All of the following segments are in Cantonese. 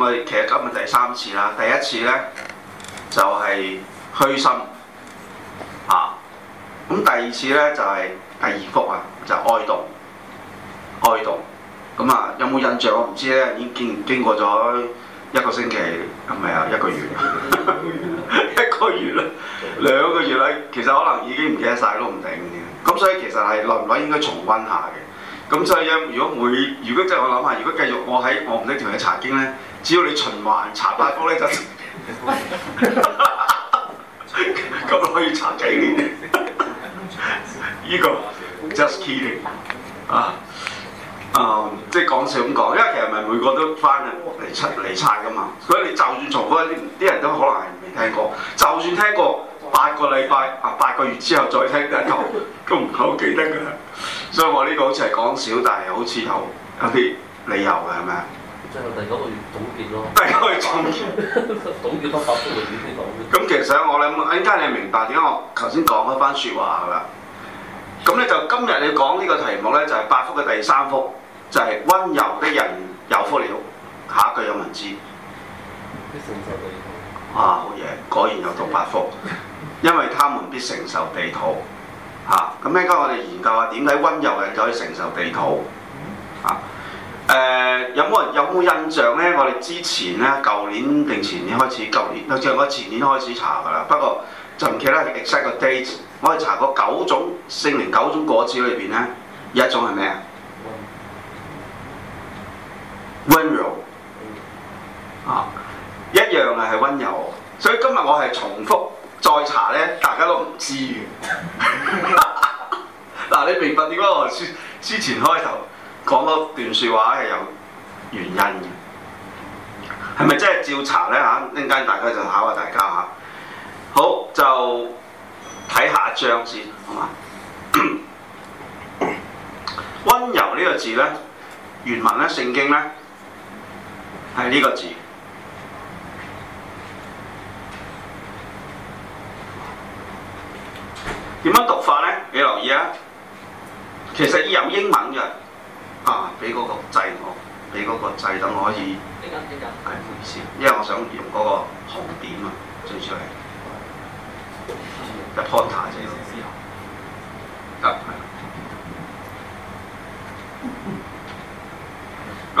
我哋其實今日第三次啦，第一次咧就係、是、虛心啊，咁第二次咧就係、是、第二福、就是嗯、啊，就哀慟哀慟，咁啊有冇印象我唔知咧，已經經經過咗一個星期，咁咪啊一個月，一個月啦，兩個月啦，其實可能已經唔記得晒，都唔定嘅，咁、嗯、所以其實係輪位應該重溫下嘅，咁、嗯、所以如果每如果即係、就是、我諗下，如果繼續我喺我唔識調嘅查經咧。只要你循環查八福呢，就咁、是、 可以查幾年，呢、 呢個 just kidding 啊啊、嗯！即係講笑咁講，因為其實唔係每個都翻嘅嚟出嚟曬噶嘛。所以你就算從嗰啲人都可能係未聽過，就算聽過八個禮拜啊八個月之後再聽緊頭，都唔好記得㗎。所以我呢個好似係講笑，但係好似有有啲理由嘅係咪？第九個月總結咯，第九個月總結，總結多八福嘅主題講。咁其實我諗，依家你會明白點解我頭先講嗰番說話啦。咁咧就今日你講呢個題目咧，就係、是、八福嘅第三福，就係、是、温柔的人有福了。下一句有文字，必承受地土啊，好嘢，果然有道八福，的因為他們必承受地土。吓、啊，咁一陣間我哋研究下點解温柔嘅人可以承受地土。啊。誒、呃、有冇人有冇印象呢？我哋之前呢，舊年定前年開始，舊年即係我前年開始查㗎啦。不過就唔記得 exact date，我哋查過九種聖靈九種果子裏邊呢，有一種係咩啊？温柔啊，一樣啊係温柔。所以今日我係重複再查呢，大家都唔知嘅。嗱， 你明白點解？我之之前開頭講嗰段說話係有原因嘅，係咪真係照查咧嚇？一陣、啊、間大家就考下、啊、大家嚇。好就睇下章先，好嘛？溫 柔呢個字咧，原文咧聖經咧係呢個字。點樣讀法咧？你留意啊，其實有英文嘅。俾嗰個掣我，俾嗰個掣等我，我，我可以。係唔、嗯、好意思，因為我想用嗰個紅點啊，最出嚟。但咁、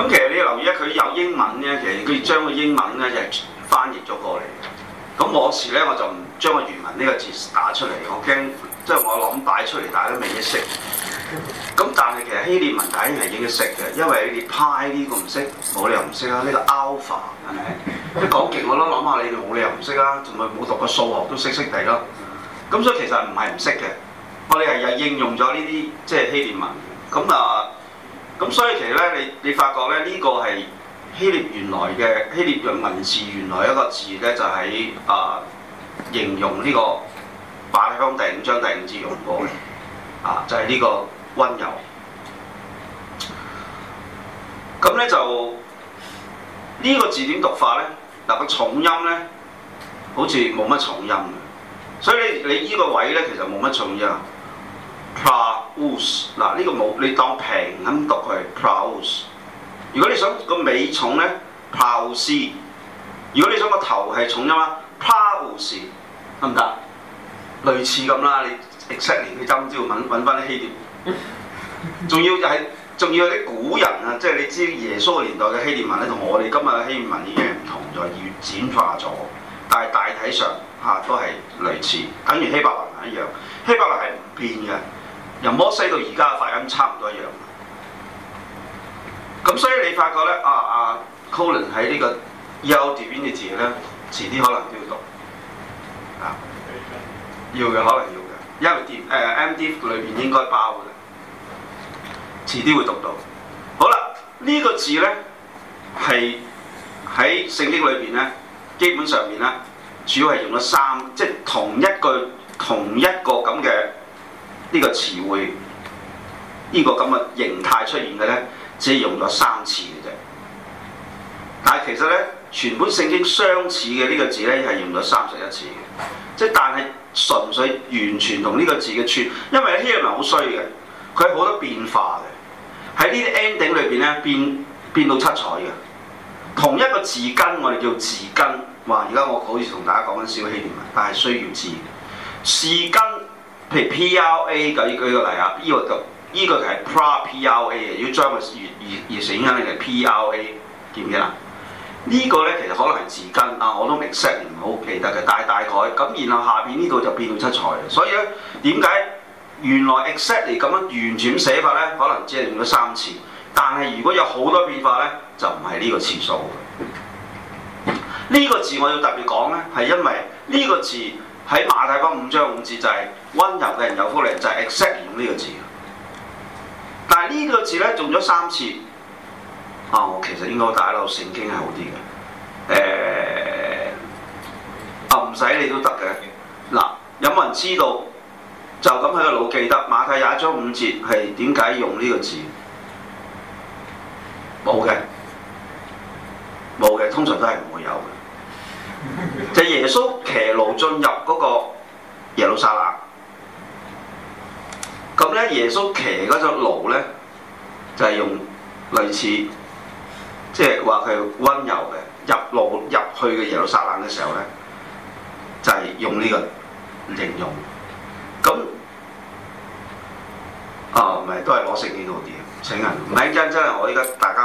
嗯、其實你留意咧，佢有英文咧，其實佢將個英文咧就係翻譯咗過嚟。咁我時咧我就唔將個原文呢個字打出嚟，我驚即係我諗擺出嚟，大家都未識。咁但係其實希臘文底係應該識嘅，因為你派呢個唔識，冇理由唔識啦。呢個 alpha 係咪？一講極我都諗下，你哋冇理由唔識啦，仲咪冇讀過數學都識識地咯。咁所以其實唔係唔識嘅，我哋係又應用咗呢啲即係希臘文。咁啊，咁所以其實咧，你你發覺咧呢個係希臘原來嘅希臘嘅文字原來一個字咧，就喺啊形容呢個馬太福音第五章第五節用過啊，就係呢個。溫柔咁咧就呢、這個字典讀法咧嗱，個重音咧好似冇乜重音嘅，所以你你呢個位咧其實冇乜重音。pause 嗱，呢個冇你當平咁讀佢 pause。如果你想個尾重咧 pause 如果你想個頭係重音啊 pause 得唔得？類似咁啦，你 exactly 去針招揾揾翻啲希臘。仲要就係仲要有啲古人啊，即係你知耶穌年代嘅希臘文咧，同我哋今日嘅希臘文已經唔同咗，要演化咗。但係大體上嚇、啊、都係類似，等於希伯來文一樣。希伯來係唔變嘅，由摩西到而家嘅發音差唔多一樣。咁所以你發覺咧啊啊，Colin 喺、這個、呢個 YD o 邊嘅字咧，遲啲可能都要讀、啊、要嘅可能要嘅，因為 D 誒、啊、MD 裏邊應該包㗎。遲啲會讀到。好啦，呢個字咧係喺聖經裏邊咧，基本上面咧，主要係用咗三，即係同一句，同一個咁嘅呢個詞彙，呢個咁嘅形態出現嘅咧，只係用咗三次嘅啫。但係其實咧，全本聖經相似嘅呢個字咧，係用咗三十一次嘅。即係但係純粹完全同呢個字嘅串，因為希臘文好衰嘅，佢好多變化嘅。喺呢啲 ending 裏邊咧，變變到七彩嘅。同一個字根，我哋叫字根。話而家我好似同大家講緊小氣點啊，但係需要字字根。譬如 P R A，舉舉個例啊，依、這個讀依、這個題 P R、這個、P R A，要將佢越越越寫緊呢個 P R A，記唔記得？呢個咧其實可能係字根，啊。我都明識，唔好記得嘅。但係大概咁，然後下邊呢度就變到七彩。所以咧，點解？原來 exactly 嚟咁樣完全寫法呢，可能只係用咗三次。但係如果有好多變化呢，就唔係呢個次數。呢、這個字我要特別講呢，係因為呢個字喺馬太福音五章五節就係、是、温柔嘅人有福嚟，就係、是、exactly 用呢個字。但係呢個字呢，用咗三次。啊、哦，我其實應該打喺度聖經係好啲嘅。誒啊，唔使理都得嘅。嗱，有冇人知道？就咁喺個腦記得，馬太廿一章五節係點解用呢個字？冇嘅，冇嘅，通常都係唔會有嘅。 就耶穌騎驢進入嗰個耶路撒冷，咁咧耶穌騎嗰隻驢咧就係、是、用類似即係話佢温柔嘅入路入去嘅耶路撒冷嘅時候咧就係、是、用呢個形容。咁啊，咪、哦、都係攞成件好啲啊！請啊，唔係真真係我而家大家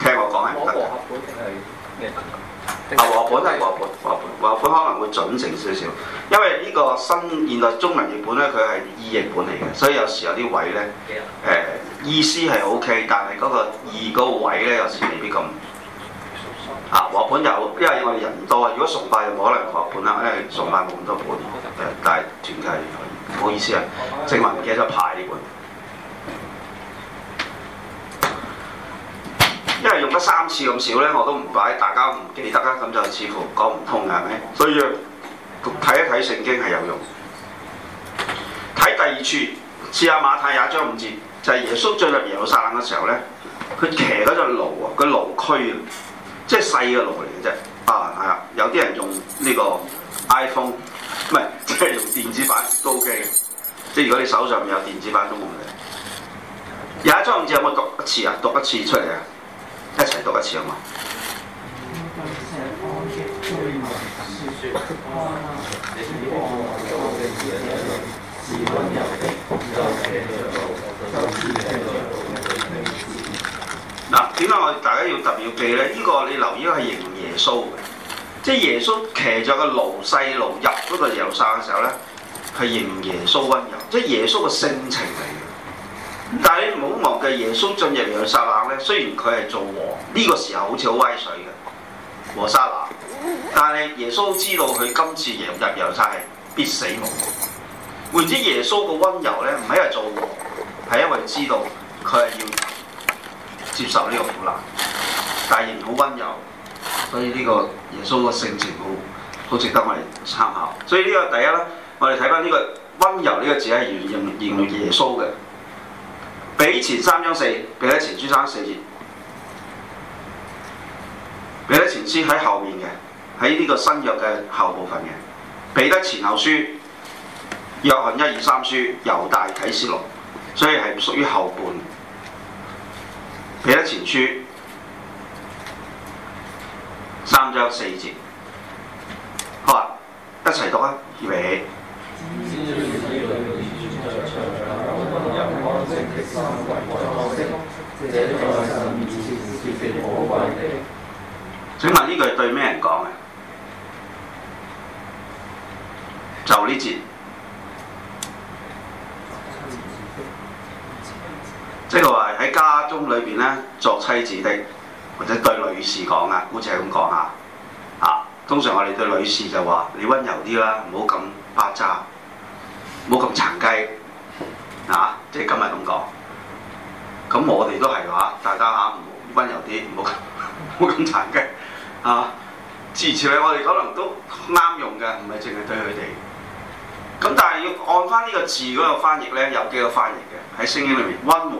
聽我講係。啊，和合本嗰係咩？啊，和合本係和合本，和合本可能會準成少少，因為呢個新現代中文譯本咧，佢係意譯本嚟嘅，所以有時有啲位咧，誒、呃、意思係 O K，但係嗰個異個位咧，有時未必咁啊。和合本有，因為我哋人多多，如果崇拜就冇可能和合本啦，因為崇拜冇咁多本。呃、但係團契。唔好意思啊，正文唔記得咗排呢本，因為用咗三次咁少咧，我都唔擺，大家唔記得啦，咁就似乎講唔通嘅係咪？所以睇一睇聖經係有用。睇第二處，似阿馬太廿章五節，就係、是、耶穌進入耶路撒冷嘅時候咧，佢騎嗰隻驢啊，個驢駒啊，即係細嘅驢嚟嘅啫。啊係啊，有啲人用呢個 iPhone。唔係，即係用電子版都 O K。即係如果你手上面有電子版都冇問題。有一章唔知有冇讀一次啊？讀一次出嚟啊！一齊讀一次好嘛？嗱，點 解 我哋大家要特別要記咧？呢、這個你留意係迎耶穌。即係耶穌騎着個驢細驢入咗個耶路撒冷嘅時候咧，佢迎耶穌溫柔，即係耶穌嘅性情嚟嘅。但係你唔好忘記，耶穌進入耶路撒冷咧，雖然佢係做和呢、這個時候好似好威水嘅和沙冷，但係耶穌知道佢今次贏入耶路撒冷係必死無疑。換知耶穌嘅溫柔咧，唔係因為做和，係因為知道佢係要接受呢個苦難，但仍好溫柔。所以呢個耶穌嘅性情好好值得我哋參考。所以呢個第一啦，我哋睇返呢個溫柔呢個字係形容耶穌嘅，彼得前三章四，彼得前書三四節，彼得前書喺後面嘅，喺呢個新約嘅後部分嘅，彼得前後書、約翰一二三書、猶大啟示錄，所以係屬於後半，彼得前書。章四節，好啊，一齊讀啊，預備。請問呢句對咩人講啊？就呢節，即係話喺家中裏邊呢，作妻子的或者對女士講啊，姑且係咁講啊。通常我哋對女士就話：你温柔啲啦，唔好咁巴喳，唔好咁殘雞，嗱、啊，即係今日咁講。咁我哋都係㗎，嚇、啊啊，大家嚇唔好温柔啲，唔好唔好咁殘雞，嚇、啊。字詞咧，我哋可能都啱用嘅，唔係淨係對佢哋。咁但係要按翻呢個字嗰個翻譯咧，有幾個翻譯嘅喺聲音裏面，溫和、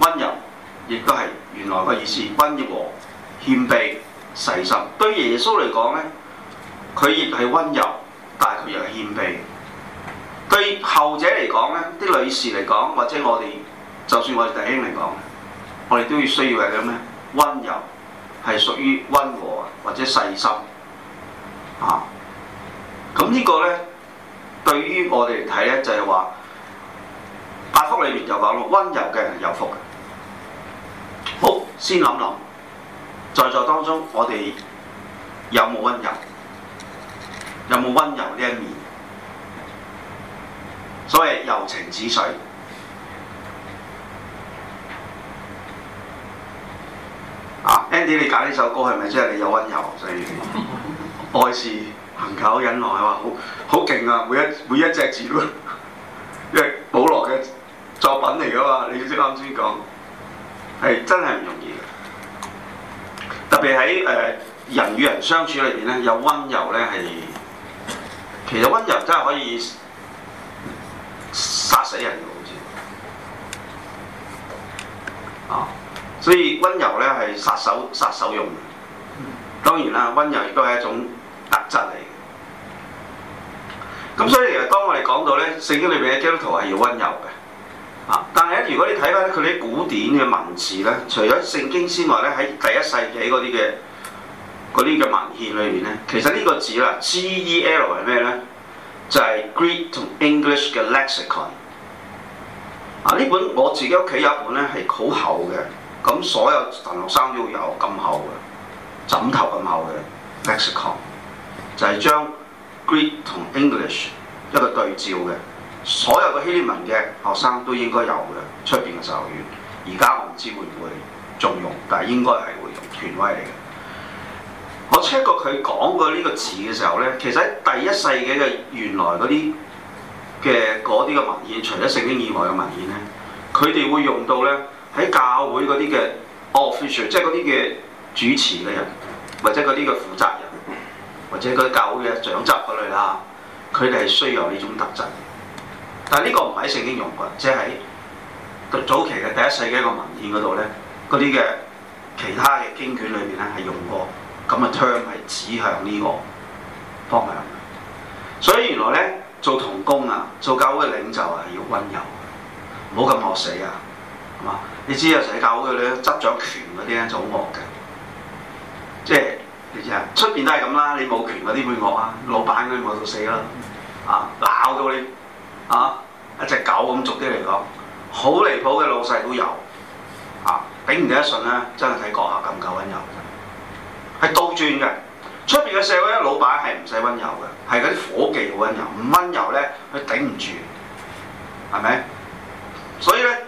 温柔，亦都係原來個意思，溫和、謙卑。細心對耶穌嚟講咧，佢亦係溫柔，但係佢又係謙卑。對後者嚟講咧，啲女士嚟講，或者我哋就算我哋弟兄嚟講，我哋都要需要係咁咧，溫柔係屬於溫和或者細心啊。咁、這個、呢個咧，對於我哋嚟睇咧，就係、是、話，八福裏邊有講溫柔嘅人有福嘅。好，先諗諗。在座當中，我哋有冇温柔？有冇温柔呢一面？所謂柔情似水啊！Andy，你揀呢首歌係咪即係你有温柔？所以 愛是恒久忍耐，哇！好，好勁啊！每一，每一隻字都， 因為保羅嘅作品嚟㗎嘛，你啱先講係真係唔容易嘅。特別喺誒人與人相處裏邊咧，有温柔咧係，其實温柔真係可以殺死人嘅，好似啊，所以温柔咧係殺手，殺手用嘅。當然啦，温柔亦都係一種特質嚟嘅。咁所以，其實當我哋講到咧，聖經裏邊嘅基督徒係要温柔嘅。啊！但係咧，如果你睇翻佢啲古典嘅文字咧，除咗聖經之外咧，喺第一世紀嗰啲嘅啲嘅文獻裏邊咧，其實呢個字啦，G E L 係咩咧？就係、是、Greek 同 English 嘅 Lexicon。啊！呢本我自己屋企有一本咧，係好厚嘅，咁所有大學生都要有咁厚嘅，枕頭咁厚嘅 Lexicon，就係將 Greek 同 English 一個對照嘅。所有嘅希利文嘅學生都應該有嘅出邊嘅授受員。而家我唔知會唔會重用，但係應該係會用權威嚟嘅。我 Check 過佢講過呢個詞嘅時候咧，其實喺第一世紀嘅原來嗰啲嘅嗰啲嘅文獻，除咗聖經以外嘅文獻咧，佢哋會用到咧喺教會嗰啲嘅 official，即係嗰啲嘅主持嘅人，或者嗰啲嘅負責人，或者嗰啲教會嘅長執嗰類啦，佢哋係需要有呢種特質。但係呢個唔喺聖經用過，即係早期嘅第一世紀一個文獻嗰度咧，嗰啲嘅其他嘅經卷裏邊咧係用過，咁啊 term 係指向呢個方向。所以原來咧做同工啊，做教會嘅領袖啊，係要温柔，唔好咁惡死啊，係嘛？你知有時喺教會咧執掌權嗰啲咧就好惡嘅，即係你知啊，出邊都係咁啦，你冇權嗰啲會惡啊，老闆嗰啲惡到死啦，啊鬧到你！啊！一隻狗咁俗啲嚟講，好離譜嘅老細都有啊！頂唔頂得順咧，真係睇閣下夠唔夠温柔。係倒轉嘅，出邊嘅社會咧，老闆係唔使温柔嘅，係嗰啲伙計好温柔。唔温柔咧，佢頂唔住，係咪？所以咧，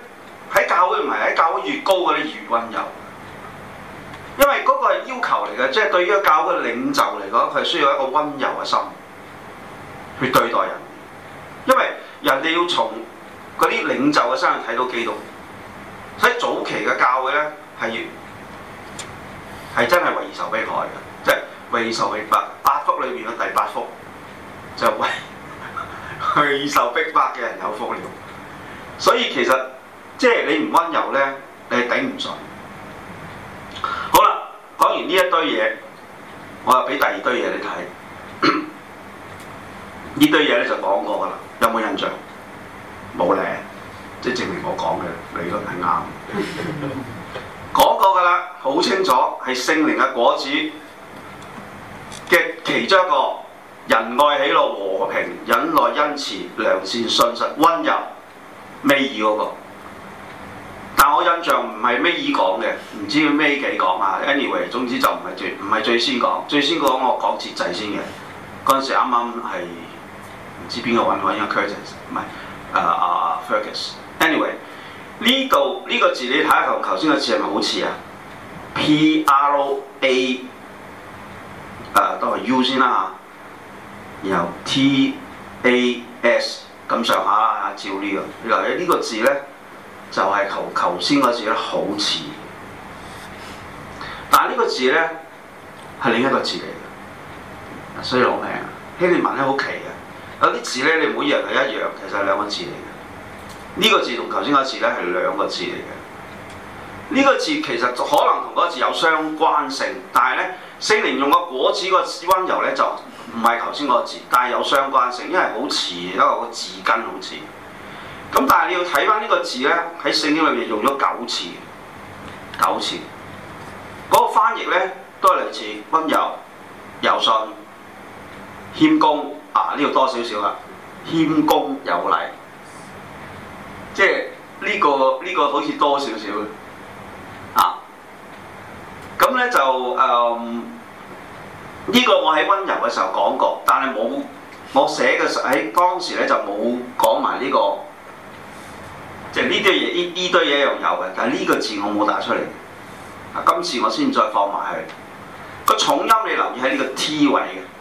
喺教會唔係喺教會越高嗰啲越温柔，因為嗰個係要求嚟嘅，即係對於一個教會領袖嚟講，係需要一個温柔嘅心去對待人，因為，人哋要從嗰啲領袖嘅身上睇到基督，所以早期嘅教會咧，係係真係為而受迫害嘅，即係為而受迫八福裏面嘅第八福，就為，為而受迫害嘅人有福了。所以其實即係你唔温柔咧，你係頂唔順。好啦，講完呢一堆嘢，我又俾第二堆嘢你睇，呢 堆嘢咧就講過啦。有冇印象？冇咧，即係證明我講嘅理論係啱。 講過㗎啦，好清楚係聖靈嘅果子嘅其中一個仁愛、喜樂、和平、忍耐、恩慈、良善、信實、溫柔，咩意嗰個。但我印象唔係咩意講嘅，唔知咩幾講啊。Anyway，總之就唔係最唔係最先講，最先講我講節制先嘅。嗰陣時啱啱係。知邊、uh, uh, anyway，這個揾我？因為 c u r t a n s 唔係，啊啊 Fergus。anyway 呢度呢個字你睇下頭頭先嗰字係咪好似啊？p r o a，啊都係 u 先啦，然後 t a s 咁上下啦，照呢、這個。你話咧呢個字咧就係頭頭先嗰字咧好似，但係呢個字咧係另一個字嚟嘅，所以我咩啊？希臘文咧好奇啊。有啲字咧，你每樣係一樣，其實兩個字嚟嘅。呢、這個字同頭先嗰個字咧係兩個字嚟嘅。呢、這個字其實就可能同嗰個字有相關性，但係咧聖靈用個果子個溫柔咧就唔係頭先個字，但係有相關性，因為好似因為個字根好似。咁但係你要睇翻呢個字咧，喺聖經裏面用咗九次，九次。嗰、那個翻譯咧都係類似溫柔、柔順、謙恭。啊！呢度多少少啦，謙恭有禮，即係、呢個、呢個呢、呢個好似多少少啊。咁咧就誒呢、嗯呢個我喺温柔嘅時候講過，但係冇我寫嘅時候喺當時咧就冇講埋呢、呢個，即係呢堆嘢呢堆嘢一樣有嘅，但係呢個字我冇打出嚟。今次我先再放埋佢，個重音你留意喺呢個 T 位嘅。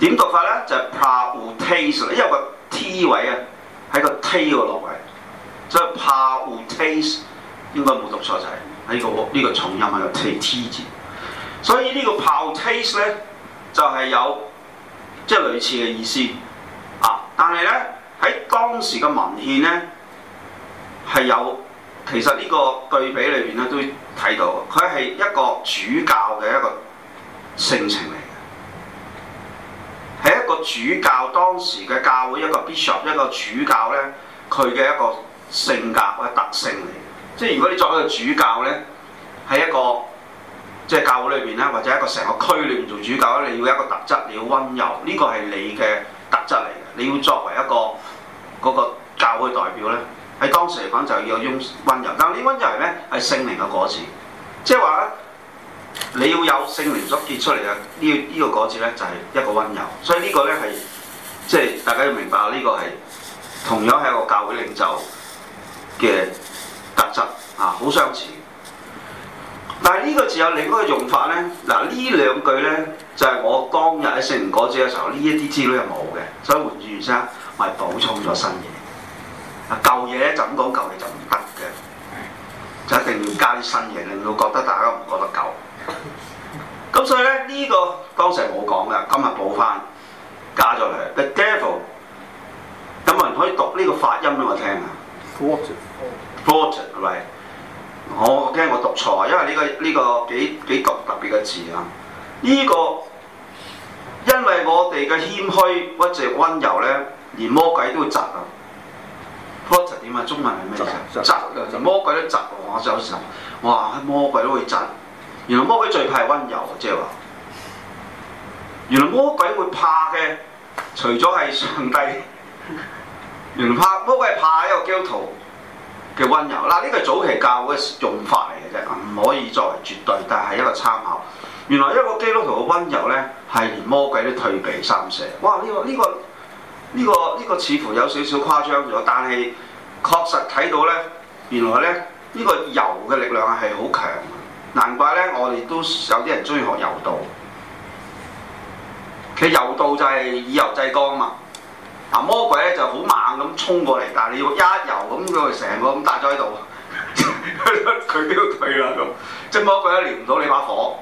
點讀法咧？就係、是、paultaste，因為個 T 位啊喺個 T 個落位，所、就、以、是、paultaste 應該冇讀錯就係喺個呢個重音啊個 T, T 字，所以個呢個 paultaste 咧就係、是、有即係、就是就是、類似嘅意思啊！但係咧喺當時嘅文獻咧係有，其實呢個對比裏邊咧都睇到，佢係一個主教嘅一個性情嚟。係一個主教，當時嘅教會一個 bishop，一個主教呢，佢嘅一個性格或者特性嚟。即係如果你作為一個主教呢，喺一個即係、就是、教會裏邊呢，或者一個成個區裏邊做主教呢，你要一個特質，你要温柔。呢、這個係你嘅特質嚟嘅。你要作為一個嗰、那個教會代表呢，喺當時嚟講就要用温柔。但係你温柔係咩？係聖靈嘅果子，即係話。你要有聖靈所結出嚟嘅呢呢個果子咧，就係、是、一個温柔。所以個呢個咧係即係大家要明白呢、呢個係同樣係一個教會領袖嘅特質啊，好相似。但係呢個字有另一個用法咧。嗱、啊，兩呢兩句咧就係、是、我當日喺聖靈果子嘅時候，呢一啲資料係冇嘅，所以換言之先生咪補充咗新嘢。舊嘢咧就咁講，舊嘢就唔得嘅，就一定要加啲新嘢，令到覺得大家唔覺得舊。咁 所以咧呢、這個當時冇講噶，今日補翻加咗嚟。The devil，有冇人可以讀呢個發音俾我聽啊 Forty-four，forty 係咪？我驚我讀錯，因為呢、這個呢、這個幾幾、這個特別嘅字啊。呢、這個因為我哋嘅謙虛或者温柔咧，連魔鬼都會窒啊。Forty 點啊？中文係咩意思？窒，連魔鬼都窒我。有時候，哇，魔鬼都可以窒。原來魔鬼最怕係温柔，即係話原來魔鬼會怕嘅，除咗係上帝。原來怕魔鬼係怕一個基督徒嘅温柔。嗱，呢個係早期教嘅用法嚟嘅啫，唔可以作為絕對，但係一個參考。原來一個基督徒嘅温柔咧，係連魔鬼都退避三舍。哇！呢個呢個呢個呢個似乎有少少誇張咗，但係確實睇到咧，原來咧呢個油嘅力量係好強。難怪咧，我哋都有啲人中意學柔道。其實柔道就係以柔制剛嘛。啊，魔鬼咧就好猛咁衝過嚟，但係你要一遊咁佢成個咁咗喺度，佢都要退啊咁。即係魔鬼都撩唔到你把火。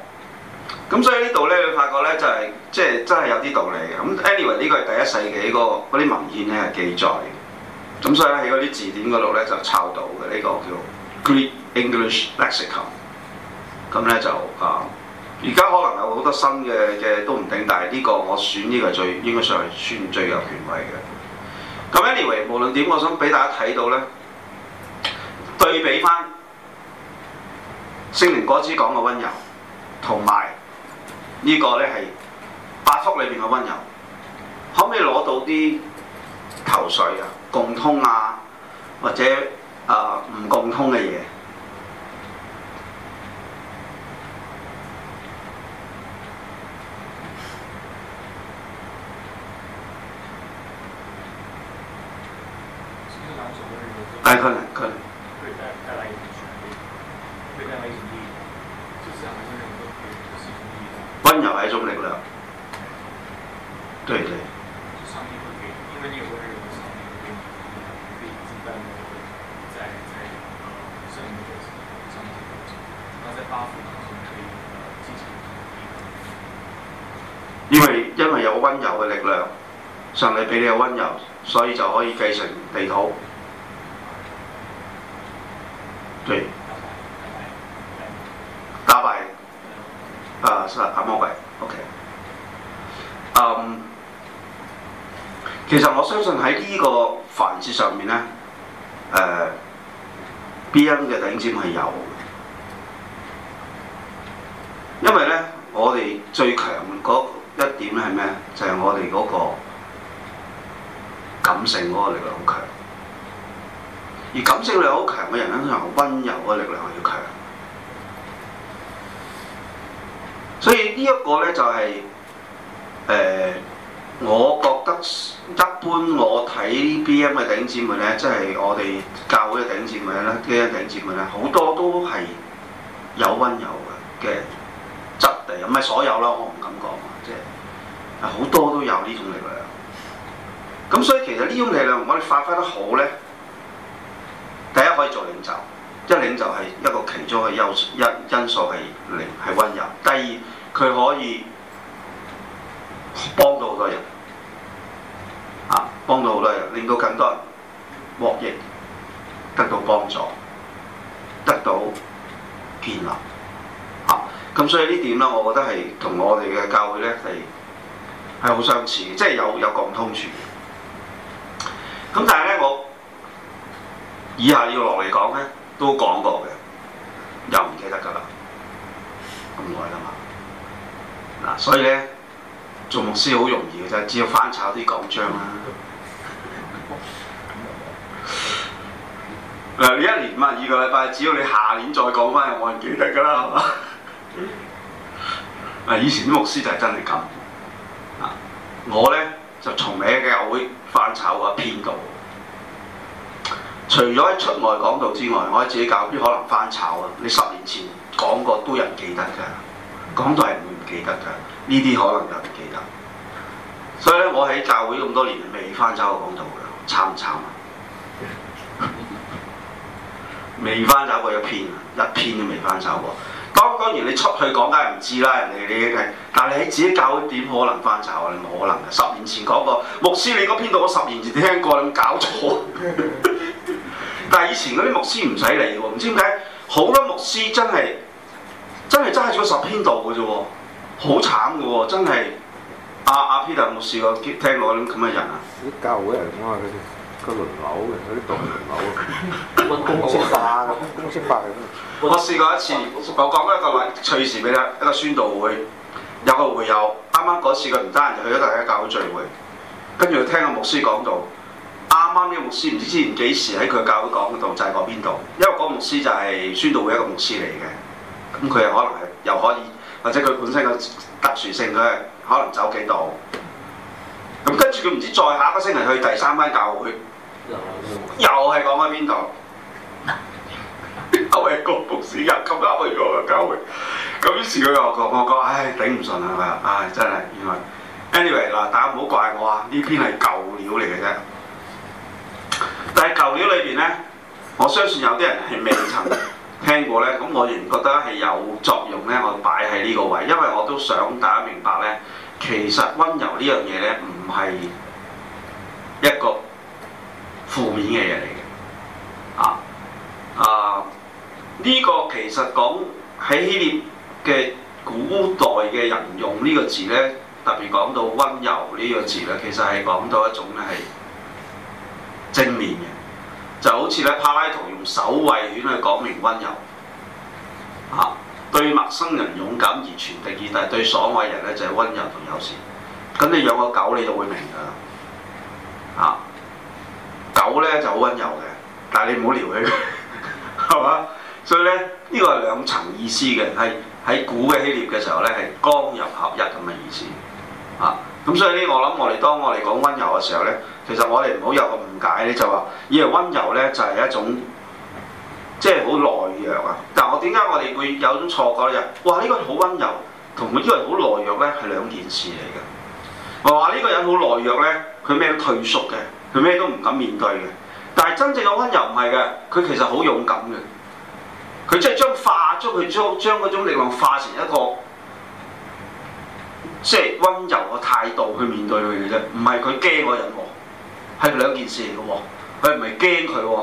咁所以呢度咧，你發覺咧就係、就係就係、即係真係有啲道理嘅。咁 anyway 呢個係第一世紀嗰啲文獻咧係記載嘅。咁所以喺嗰啲字典嗰度咧就抄到嘅呢、呢個叫 Greek English Lexicon。咁咧就啊，而、呃、家可能有好多新嘅嘅都唔定，但係呢個我選呢個最應該算係最最有權威嘅。咁 anyway，無論點，我想俾大家睇到咧，對比翻聖靈果子講嘅温柔，同埋呢個咧係《八福》裏邊嘅温柔，可唔可以攞到啲頭緒啊？共通啊，或者啊唔、呃、共通嘅嘢？係，可能可能。温柔係一種力量。對對。因為因為有温柔嘅力量，上帝俾你有温柔，所以就可以繼承地土。其實我相信喺呢個範疇上面咧，誒、呃、B M 嘅頂尖係有。因為咧我哋最強嗰一點係咩？就係、是、我哋嗰個感性嗰個力量好強，而感性力好強嘅人咧通常温柔嘅力量係要強，所以呢一個咧就係、是、誒。呃我覺得一般我睇 B.M 嘅頂姊妹咧，即係我哋教會嘅頂姊妹咧，嘅頂姊妹咧，好多都係有温柔嘅質地，唔係所有啦，我唔敢講，即係好多都有呢種力量。咁所以其實呢種力量，我哋發揮得好咧，第一可以做領袖，即係領袖係一個其中嘅優因因素係零係温柔。第二佢可以，幫到好多人，啊，幫到好多人，令到更多人獲益，得到幫助，得到建立，啊，咁所以呢點咧，我覺得係同我哋嘅教會咧係係好相似，即係有有共通處。咁但係咧，我以下要落嚟講咧，都講過嘅，又唔記得㗎啦，咁耐啦嘛，嗱，啊，所以咧。做牧師好容易嘅啫，只要翻炒啲講章啦。嗱，呢一年五十二個禮拜，只要你下年再講翻，我係唔記得噶啦，係嘛？啊， 以前啲牧師就係真係咁。我呢，就從未嘅，我會翻炒過一篇道。除咗喺出外講道之外，我喺自己教會可能翻炒啊。你十年前講過，都人記得㗎。講道係唔會唔記得㗎。呢啲可能有啲記得，所以呢，我喺教會咁多年未翻炒過講道嘅，慘唔慘啊？未 翻炒過一篇，一篇都未翻炒過。當當然你出去講梗係唔知啦，人哋你嘅，但你喺自己教會點可能翻炒啊？你冇可能嘅。十年前講過，牧師，你嗰篇道我十年前聽過，你唔搞錯。 但係以前嗰啲牧師唔使理喎，唔知點解好多牧師真係真係揸住個十篇度嘅啫喎。好慘嘅喎，真係阿阿 Peter 有冇試過，聽過啲咁嘅人啊！啲教會人啊，話佢，佢輪流嘅，啲代輪流嘅，冇公式化嘅，公式化，我試過一次， 我講一個例趣事俾你，一個宣道會有個會友，啱啱嗰次佢唔單就去咗大家教會聚會，跟住佢聽牧剛剛牧、就是、個牧師講到，啱啱呢個牧師唔知之前幾時喺佢教會講嘅道就係講邊度，因為嗰牧師就係宣道會一個牧師嚟嘅，咁佢又可能係又可以。或者佢本身個特殊性，佢可能走幾度，咁跟住佢唔知再下個星期去第三間教會，又又係講返邊度？又係嗰個時間，咁啱去教啊！咁於是佢又講：我講唉，頂唔順啊！係咪唉，真係原來 anyway 嗱，大家唔好怪我啊！呢篇係舊料嚟嘅啫，但係舊料裏邊咧，我相信有啲人係未曾。 聽過呢，咁我仍然覺得係有作用呢，我擺喺呢個位，因為我都想大家明白呢，其實温柔呢樣嘢呢，唔係一個負面嘅嘢嚟嘅。啊啊，呢、這個其實講喺希臘嘅古代嘅人用呢個字呢，特別講到温柔呢個字呢，其實係講到一種係正面嘅。就好似呢，柏拉圖用守衛犬去講明温柔，嚇、啊、對陌生人勇敢而傳遞敵意，但係對所愛嘅人呢，就係、是、温柔同友善。咁你養個狗你就會明㗎啦，嚇、啊、狗呢就好温柔嘅，但係你唔好撩起佢，係 嘛？所以呢，呢、這個係兩層意思嘅，係喺古嘅希臘嘅時候呢，係剛柔合一咁嘅意思，啊咁所以呢，我諗我哋當我哋講温柔嘅時候呢。其實我哋唔好有個誤解，呢就話、是、以為温柔呢就係一種即係好懦弱啊！但係我點解我哋會有種錯覺呢、就是？哇！呢、這個人好温柔，同呢個人好懦弱呢係兩件事嚟嘅。我話呢個人好懦弱呢，佢咩都退縮嘅，佢咩都唔敢面對嘅。但係真正嘅温柔唔係嘅，佢其實好勇敢嘅。佢真係將化咗佢將將嗰種力量化成一個即係、就是、温柔嘅態度去面對佢嘅啫，唔係佢驚嗰個人。係兩件事嚟嘅喎，佢唔係驚佢喎，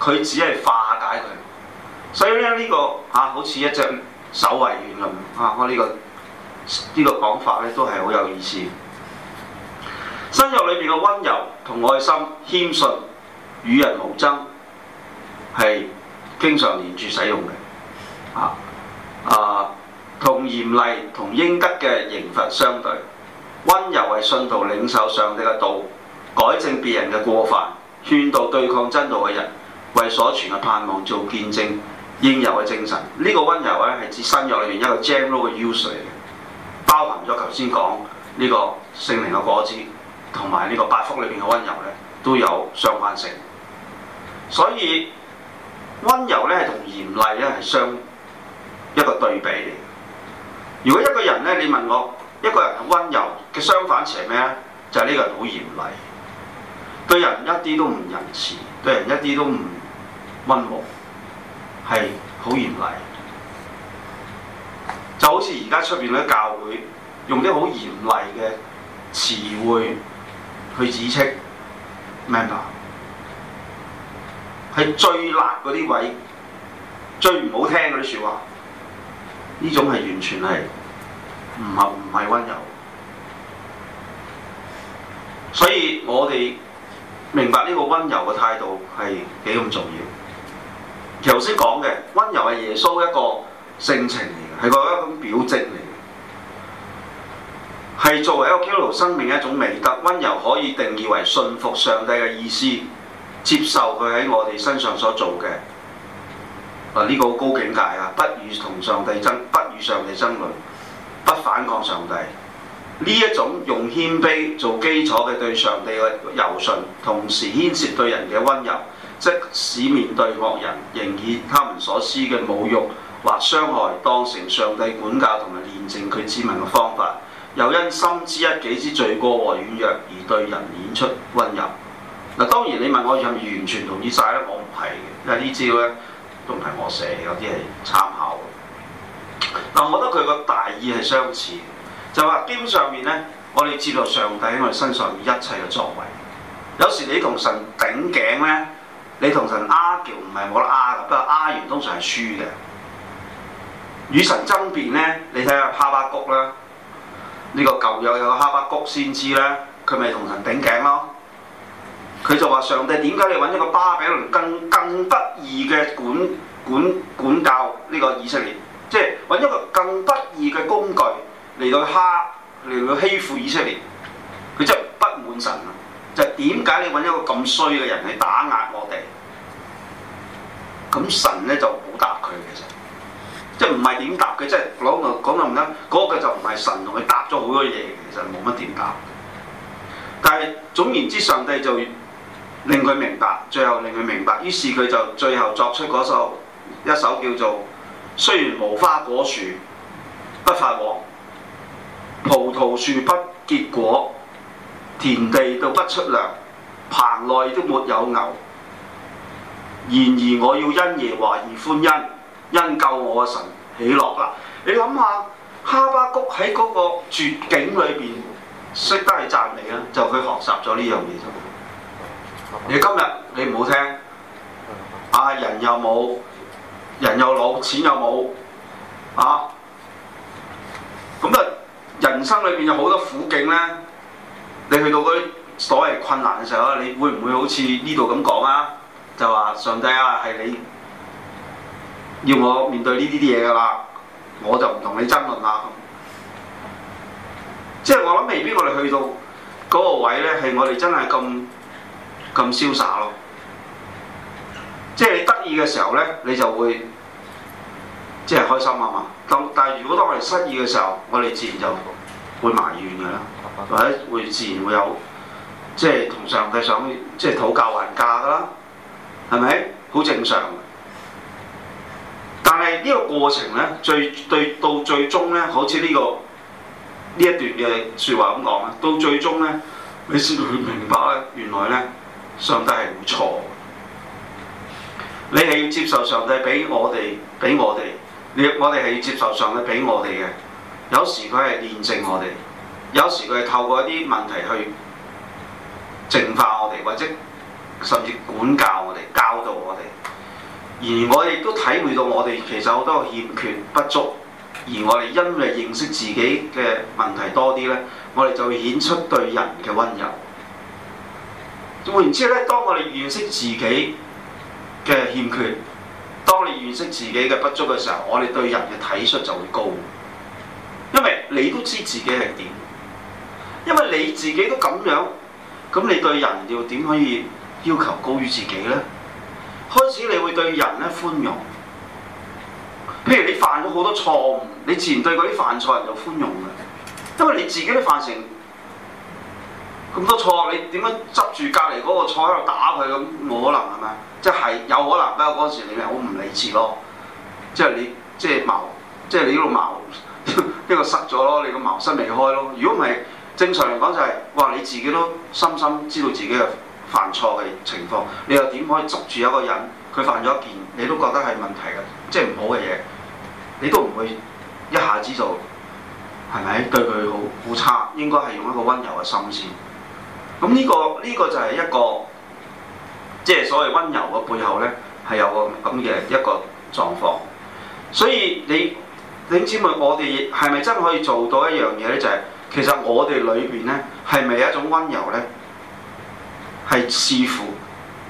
佢只係化解佢。所以咧、這個啊啊這個這個、呢個嚇好似一隻守衞員咁嚇，我呢個呢個講法咧都係好有意思。新約裏邊嘅温柔同愛心、謙遜、與人無爭係經常連住使用嘅。嚇啊，同嚴厲同應得嘅刑罰相對，温柔係信徒領受上帝嘅道。改正別人嘅過犯，勸導對抗真道嘅人，為所傳嘅盼望做見證，應有嘅精神。呢、這個温柔咧係指新約裏邊一個 general 嘅 usage 嚟嘅，包含咗頭先講呢個聖靈嘅果子，同埋呢個八福裏面嘅温柔都有相關性。所以温柔咧同嚴厲咧係相一個對比嚟。如果一個人咧，你問我一個人嘅温柔嘅相反詞係咩咧？就係、是、呢個好嚴厲。對人一啲都唔仁慈，對人一啲都唔温和，係好嚴厲，就好似而家出面嗰啲教會用啲好嚴厲嘅詞彙去指斥，明白？係最辣嗰啲位，最唔好聽嗰啲説話，呢種係完全係唔係唔係温柔，所以我哋。明白呢個温柔嘅態度係幾咁重要。其實頭先講嘅温柔係耶穌一個性情嚟，係佢一種表徵嚟，係作為一個基督徒生命的一種美德。温柔可以定義為信服上帝嘅意思，接受佢喺我哋身上所做嘅。嗱、這、呢個高境界啊！不與同上帝爭，不與上帝爭論，不反抗上帝。呢一種用謙卑做基礎嘅對上帝嘅柔順，同時牽涉對人嘅温柔，即使面對惡人，仍以他們所施嘅侮辱或傷害，當成上帝管教同埋煉淨佢子民嘅方法。又因深知一己之罪過和軟弱，而對人演出温柔。嗱，當然你問我係咪完全同意晒，咧，我唔係嘅，因為呢招咧都唔係我寫，有啲係參考。嗱，我覺得佢個大意係相似。就話基本上面呢，我哋知道上帝喺我哋身上面一切嘅作為。有時你同神頂頸呢，你同神 argue 唔係冇得 argue，不過 argue 通常係輸嘅。與神爭辯呢，你睇下哈巴谷啦，呢個舊約嘅哈巴谷先知咧，佢咪同神頂頸咯？佢就話：上帝點解你揾一個巴比倫更更不義嘅管管管教呢個以色列？即係揾一個更不義嘅工具？嚟到蝦嚟到欺負以色列，佢真係不滿神啊！就點、是、解你揾一個咁衰嘅人嚟打壓我哋？咁神呢，就冇答佢其實，即係唔係點答佢？即係講個講得唔啱，嗰個就唔係神同佢答咗好多嘢，其實冇乜點答。那個、答答但係總言之，上帝就令佢明白，最後令佢明白，於是佢就最後作出嗰首一首叫做《雖然無花果樹不發旺》。葡萄樹不結果，田地都不出糧，棚內都沒有牛。然而我要因耶和華而歡欣，因救我嘅神喜樂啦！你諗下，哈巴谷喺嗰個絕境裏邊，識得去讚美啦，就佢學習咗呢樣嘢啫嘛。你今日你唔好聽，啊，人又冇，人又老，錢又冇，啊咁啊！人生裏面有好多苦境呢。你去到嗰啲所謂困難嘅時候咧，你會唔會好似呢度咁講啊？就話上帝啊，係你要我面對呢啲嘢噶啦，我就唔同你爭論啦。即係我諗，未必我哋去到嗰個位呢，係我哋真係咁咁瀟灑咯。即係你得意嘅時候呢，你就會即係開心啊嘛。當但係如果當我哋失意嘅時候，我哋自然就會埋怨嘅啦，或者會自然會有即係同上帝想即係討價還價㗎啦，係咪？好正常。但係呢個過程呢，最對到最終呢，好似呢個呢一段嘅説話咁講，到最終呢，你先會明白呢，原來呢，上帝係唔錯嘅，你係要接受上帝畀我哋俾我哋。我哋係要接受上帝畀我哋嘅，有時佢係驗證我哋，有時佢係透過一啲問題去淨化我哋，或者甚至管教我哋，教導我哋。而我哋都體會到我哋其實好多欠缺不足，而我哋因為認識自己嘅問題多啲呢，我哋就會顯出對人嘅溫柔。換言之呢，當我哋認識自己嘅欠缺，認識自己嘅不足嘅時候，我哋對人嘅體恤就會高，因為你都知自己係點，因為你自己都咁樣，咁你對人要點可以要求高於自己呢？開始你會對人呢寬容，譬如你犯咗好多錯誤，你自然對嗰啲犯錯人就寬容噶，因為你自己都犯成咁多錯，你點樣執住隔籬嗰個錯喺度打佢咁？冇可能係咪？即係有可能，時不過嗰陣時你咪好唔理智咯。即係你即係矛，即係你呢度矛呢個塞咗咯，你個矛塞未開咯。如果唔係正常嚟講、就係，就係哇你自己都深深知道自己嘅犯錯嘅情況，你又點可以捉住一個人佢犯咗一件你都覺得係問題嘅，即係唔好嘅嘢，你都唔會一下子就係咪對佢好好差？應該係用一個温柔嘅心先。咁呢、這個呢、這個就係一個。即係所謂温柔嘅背後呢，係有個咁嘅一個狀況。所以你你弟兄姊妹，我哋係咪真可以做到一樣嘢呢？就係、是、其實我哋裏邊呢，係咪一種温柔呢？係視乎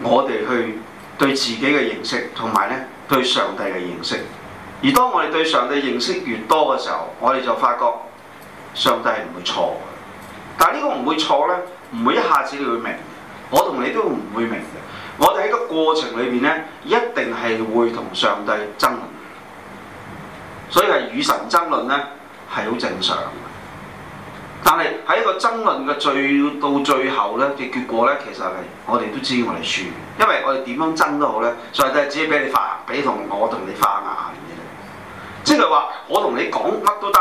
我哋去對自己嘅認識，同埋呢對上帝嘅認識。而當我哋對上帝認識越多嘅時候，我哋就發覺上帝係唔會錯。但係呢個唔會錯呢，唔會一下子你會明。我同你都唔會明嘅。我哋喺個過程裏面呢，一定係會同上帝爭，所以係與神爭論呢，係好正常。但係喺一個爭論嘅最到最後呢，嘅結果呢，其實係我哋都知我哋輸，因為我哋點樣爭都好呢，上帝只係俾你發，俾同我同你發眼嘅啫。即係話我同你講乜都得，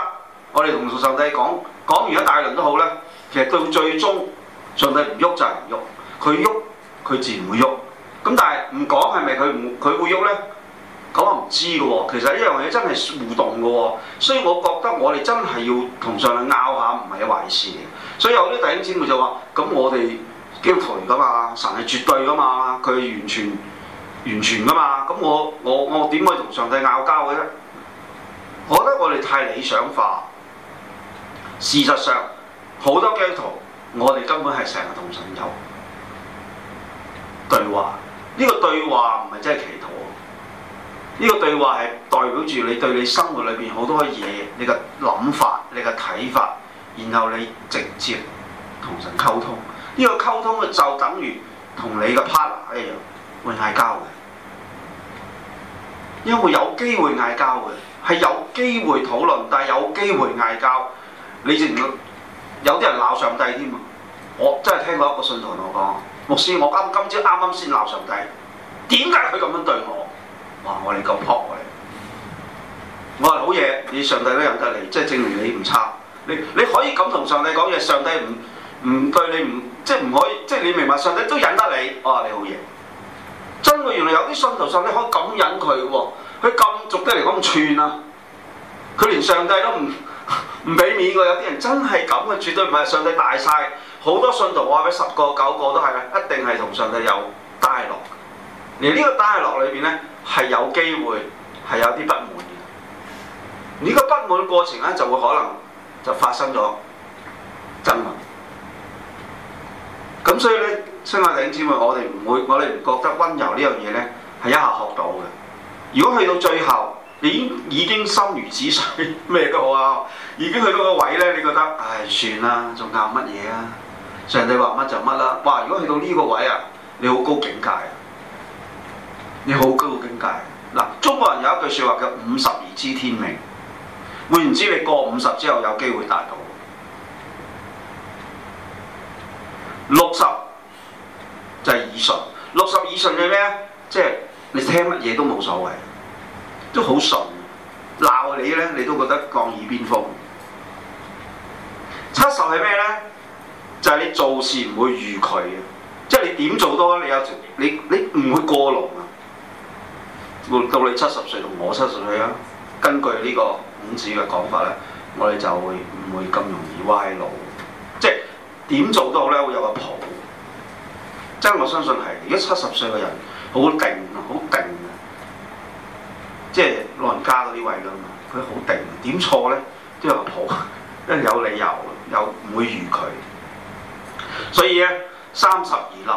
我哋同上帝講講完一大輪都好呢，其實到最終上帝唔喐就係唔喐，佢喐。佢自然會喐，咁但係唔講係咪佢唔佢會喐呢？咧？講唔知噶喎，其實呢樣嘢真係互動噶喎，所以我覺得我哋真係要同上帝拗下，唔係嘅壞事。所以有啲弟兄姊妹就話：咁我哋基督徒嚟噶嘛，神係絕對噶嘛，佢完全完全噶嘛，咁我我我點可以同上帝拗交嘅啫？我覺得我哋太理想化，事實上好多基督徒，我哋根本係成日同神拗。對話，呢個對話唔係真係祈禱，呢個對話係代表住你對你生活裏邊好多嘢，你嘅諗法、你嘅睇法，然後你直接同神溝通。呢個溝通就等於同你嘅 partner 一樣會嗌交嘅，因為會有機會嗌交嘅係有機會討論，但係有機會嗌交，你直頭有啲人鬧上帝添啊！我真係聽過一個信徒同我講。牧師，我啱今朝啱啱先鬧上帝，點解佢咁樣對我？哇，我哋咁撲我！我話好嘢，你上帝都忍得你，即係證明你唔差。你你可以咁同上帝講嘢，上帝唔唔對你唔即係唔可以，即係你明白上帝都忍得你，我話你好嘢。真嘅。原來有啲信徒上帝可以咁忍佢喎，佢咁俗得嚟咁串啊，佢連上帝都唔唔俾面嘅，有啲人真係咁嘅，絕對唔係上帝大晒。好多信徒我話俾十個九個都係嘅，一定係同上帝有大落。而呢個大落裏邊咧，係有機會係有啲不滿嘅。而個不滿過程咧，就會可能就發生咗爭論。咁所以咧，親愛弟兄姊妹，我哋唔會，我哋唔覺得温柔呢樣嘢咧係一下學到嘅。如果去到最後，你已經，已經心如止水，咩都好啊，已經去到個位咧，你覺得唉、哎、算啦，仲拗乜嘢啊？就你話乜就乜啦！哇！如果去到呢個位啊，你好高境界啊！你好高境界嗱、啊，中國人有一句説話叫「五十而知天命，換言之，你過五十之後有機會達到。六十就係耳順，六十耳順嘅咩？即係你聽乜嘢都冇所謂，都好順。鬧你咧，你都覺得降耳邊風。七十係咩咧？就係你做事唔會逾矩嘅，即係你點做都好，你有條你你唔會過勞啊。到你七十歲同我七十歲啊，根據呢、這個孔子嘅講法咧，我哋就會唔會咁容易歪路，即係點做都好咧，會有個譜。即係我相信係而家七十歲嘅人好定好定嘅，即係老人家嗰啲位啦嘛，佢好定，點錯咧都有個譜，因為有理由有唔會逾矩。所以咧，三十而立，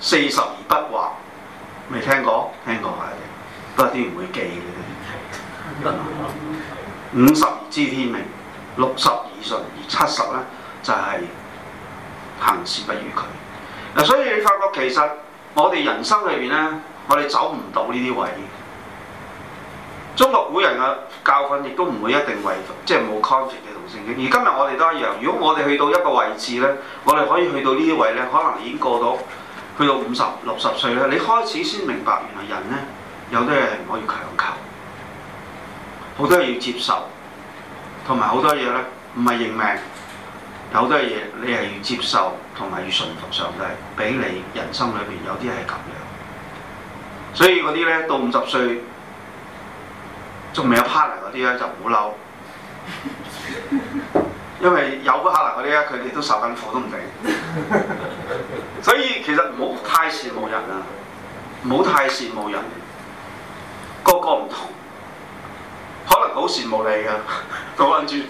四十而不惑，未聽過？聽過係咪？都係啲唔會記嘅 五十而知天命，六十而順，而七十呢就係、是、行事不逾矩。所以你發覺其實我哋人生裏面呢，我哋走唔到呢啲位。中國古人啊。教訓亦都唔會一定為即係冇 conflict 嘅同性戀，而今日我哋都一樣。如果我哋去到一個位置呢，我哋可以去到呢啲位呢，可能已經過到去到五十、六十歲呢。你開始先明白原來人呢，有啲嘢係唔可以強求，好多嘢要接受，同埋好多嘢呢，唔係認命，有好多嘢你係要接受同埋要順服上帝，俾你人生裏面有啲係咁樣。所以嗰啲呢，到五十歲。仲未有 partner 嗰啲咧就唔好嬲， 因為有 partner 嗰啲咧，佢哋都受緊苦都唔定， 所以其實唔好太羨慕人啊，唔好太羨慕人，個個唔同，可能好羨慕你㗎，好緊張，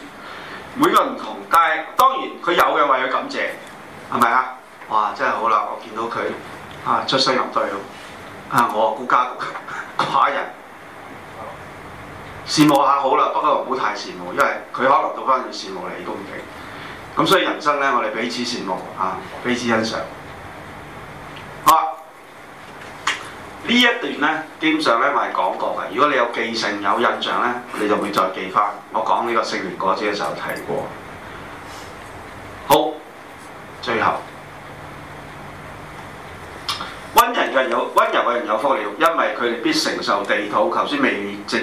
每個唔同，但係當然佢有嘅為咗感謝，係咪啊？哇！真係好啦，我見到佢啊出雙入對，啊，啊我孤家 寡人。羨慕下好啦，不過唔好太羨慕，因為佢可能到翻去羨慕你公平。咁所以人生咧，我哋彼此羨慕啊，彼此欣賞。好啦，呢一段咧，基本上咧我係講過嘅。如果你有記性有印象咧，你就會再記翻。我講呢個聖靈果子嘅時候提過。好，最後，溫柔嘅人有溫柔嘅人有福了。佢哋必承受地土，頭先未整、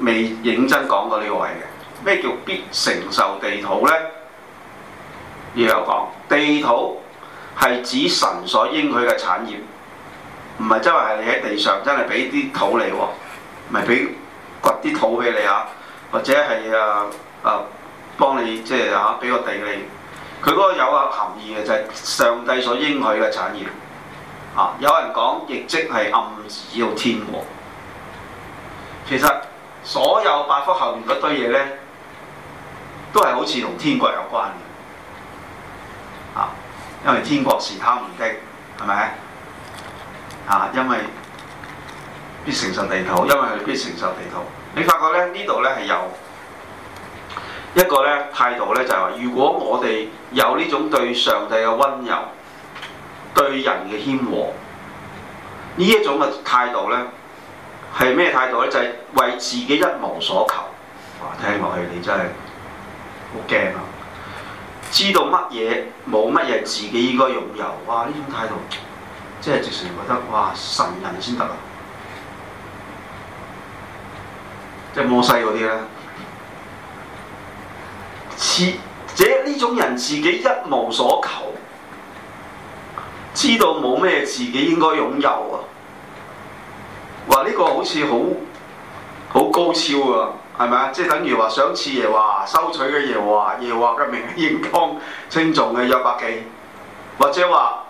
未認真講過呢個位嘅。咩叫必承受地土呢？要有講，地土係指神所應許嘅產業，唔係真係你喺地上真係俾啲土你喎，咪俾掘啲土俾你啊，或者係啊啊幫你即係啊俾個地你。佢嗰個有啊含義嘅，就係上帝所應許嘅產業。啊、有人講亦即係暗示到天國，其實所有八福後面嗰堆嘢咧，都係好似同天國有關嘅、啊。因為天國是他們的，係咪？啊，因為必承受地土，因為佢必承受地土。你發覺咧，呢度咧係有一個咧態度咧就係、是、話，如果我哋有呢種對上帝嘅溫柔。對人嘅謙和，呢一種嘅態度咧，係咩態度咧？就係、是、為自己一無所求。哇，聽落去你真係好驚啊！知道乜嘢冇乜嘢，自己應該擁有。哇！呢種態度，即係直情覺得哇，神人先得啦，即係摩西嗰啲咧。此這呢種人自己一無所求。知道冇咩自己應該擁有啊！話呢、這個好似好好高超啊，係咪啊？即係等於話賞賜嘅耶和華收取嘅耶和華，耶和華嘅名應當稱頌嘅一百幾，或者話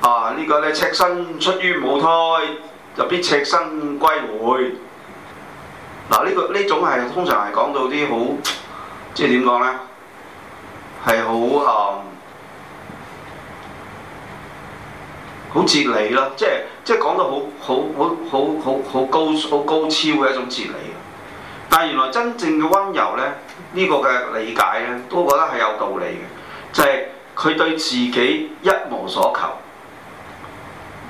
啊呢、這個呢，赤身出於母胎，就必赤身歸回。嗱、啊、呢、這個呢種係通常係講到啲好，即係點講呢？係好啊！嗯好哲理咯，即係即係講到好好好好好好高好高超嘅一種哲理。但係原來真正嘅溫柔呢，呢、呢個嘅理解呢，都覺得係有道理嘅，就係、係、佢對自己一無所求，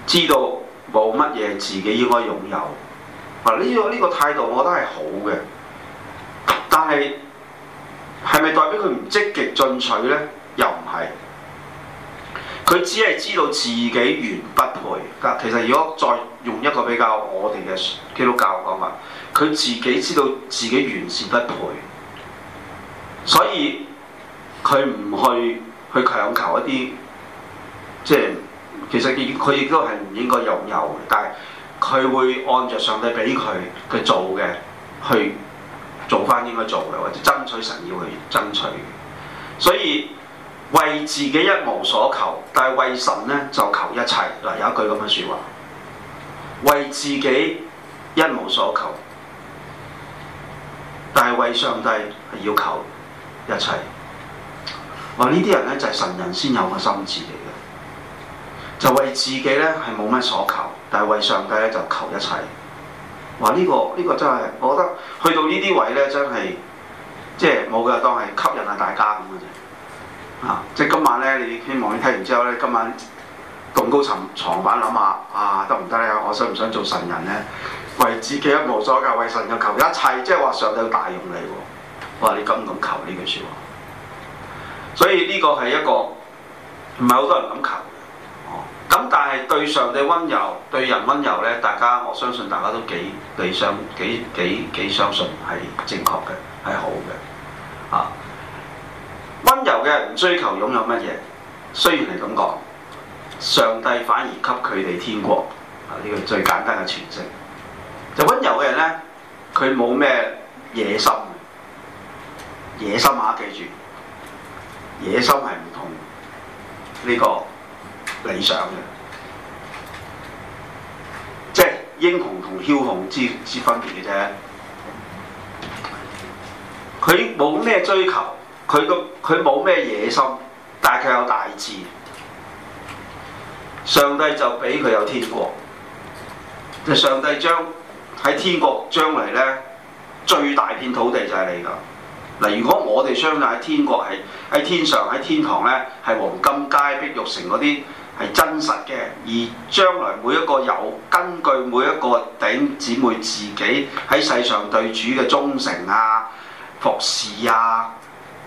知道冇乜嘢自己應該擁有。嗱、呢個，呢、呢個呢個態度，我覺得係好嘅。但係係咪代表佢唔積極進取呢？又唔係。佢只係知道自己原不配。其實如果再用一個比較我哋嘅基督教講法，佢自己知道自己原是不配，所以佢唔去去強求一啲，即係其實佢亦都係唔應該擁有。但係佢會按著上帝俾佢佢做嘅去做翻應該做嘅，或者爭取神要去爭取。所以。為自己一無所求，但係為神咧就求一切。嗱，有一句咁嘅説話：為自己一無所求，但係為上帝係要求一切。話呢啲人咧就係神人先有嘅心智嚟嘅，就為自己咧係冇乜所求，但係為上帝咧就求一切。話呢個呢個真係，我覺得去到呢啲位咧真係，即係冇嘅，當係吸引下大家咁嘅啫。啊！即今晚咧，你希望你睇完之後咧，今晚咁高層床板諗下啊，得唔得咧？我想唔想做神人咧？為自己一無所求，為神嘅求一切，即係話上帝要大用你喎。我話你敢唔敢求呢句説話？所以呢個係一個唔係好多人敢求。咁、啊、但係對上帝温柔，對人温柔咧，大家我相信大家都幾幾相幾幾幾相信係正確嘅，係好嘅。溫柔嘅人唔追求擁有乜嘢，雖然係咁講，上帝反而給佢哋天國。啊，呢個最簡單嘅傳承。就溫柔嘅人咧，佢冇咩野心，野心啊，記住，野心係唔同呢個理想嘅，即係英雄同梟雄之之分別嘅啫。佢冇咩追求。佢個佢冇咩野心，但佢有大志。上帝就俾佢有天國，就是、上帝將喺天國將嚟呢最大片土地就係你㗎。嗱，如果我哋相信喺天國，係喺天上喺天堂呢，係黃金街、碧玉城嗰啲係真實嘅，而將來每一個有根據每一個頂姊妹自己喺世上對主嘅忠誠啊、服侍啊。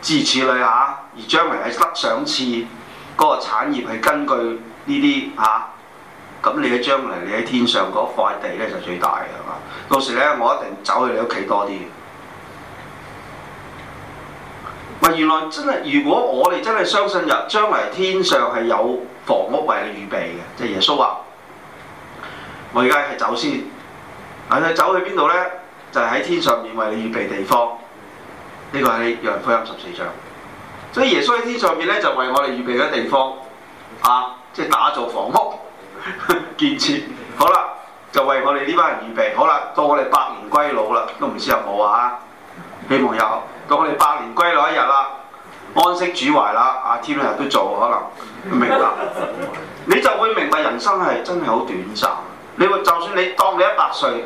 至此類嚇、啊，而將來喺得上次嗰，那個產業，係根據呢啲嚇，咁，啊、你嘅將來你喺天上嗰塊地呢，就最大嘅。到時呢，我一定走去你屋企多啲。唔原來真係，如果我哋真係相信日將來天上係有房屋為你預備嘅，即，就是，耶穌話。我而家係走先，問你走去邊度呢？就係，是，喺天上面為你預備地方。呢個係《約翰福音》十四章，所以耶穌喺天上面咧就為我哋預備嘅地方啊，即係打造房屋、建設，好啦，就為我哋呢班人預備，好啦，到我哋百年歸老啦，都唔知有冇啊？希望有，到我哋百年歸老一日啦，安息主懷啦，啊，天日都做可能，明白，你就會明白人生係真係好短暫。你話就算你當你一百歲。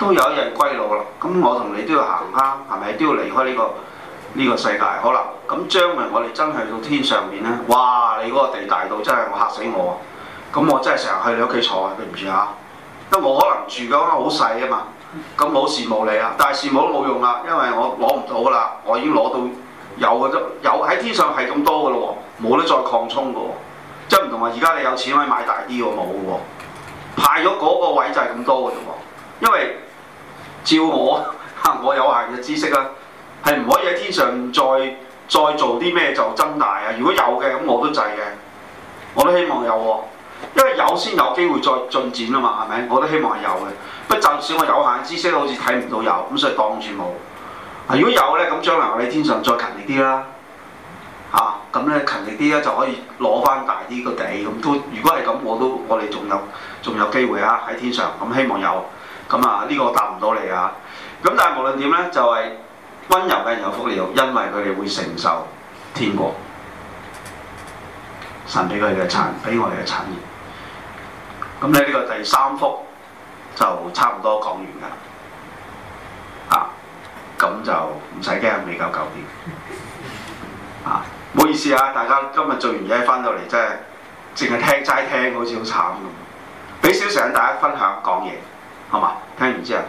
都有一日歸老啦，咁我同你都要行下，係咪都要離開呢個呢個世界？好啦，咁將來我哋真係到天上邊呢。哇！你嗰個地大到真係我嚇死我啊！咁我真係成日去你屋企坐啊，對唔住啊。因為我可能住嘅話好細啊嘛，咁我好羨慕你啊，但係羨慕都冇用啦，因為我攞唔到噶啦，我已經攞到有嘅啫，有喺天上係咁多嘅咯喎，冇得再擴充嘅喎，即係唔同啊！而家你有錢可以買大啲喎，冇嘅喎，派咗嗰個位就係咁多嘅啫喎，因為。照我，我有限嘅知識啊，係唔可以喺天上再再做啲咩就增大啊！如果有嘅咁，我都制嘅，我都希望有喎，因為有先有機會再進展啊嘛，係咪？我都希望有嘅，不過就算我有限嘅知識，好似睇唔到有，咁所以當住冇。如果有呢，咁將來我哋天上再勤力啲啦，嚇咁呢勤力啲呢就可以攞翻大啲個地，咁都如果係咁，我都我哋仲有仲有機會啊！喺天上咁希望有。咁啊，呢個答唔到你啊！咁但係無論點咧，就係、是、溫柔嘅人有福利，因為佢哋會承受天國神俾佢哋嘅產，俾我哋嘅產業。咁咧呢個第三幅就差唔多講完㗎啦，啊，咁就唔使驚，未夠九點，啊，唔好意思啊，大家今日做完嘢返到嚟，真係淨係聽齋聽，好似好慘咁。俾少少大家分享講嘢。講係嘛？聽完之後，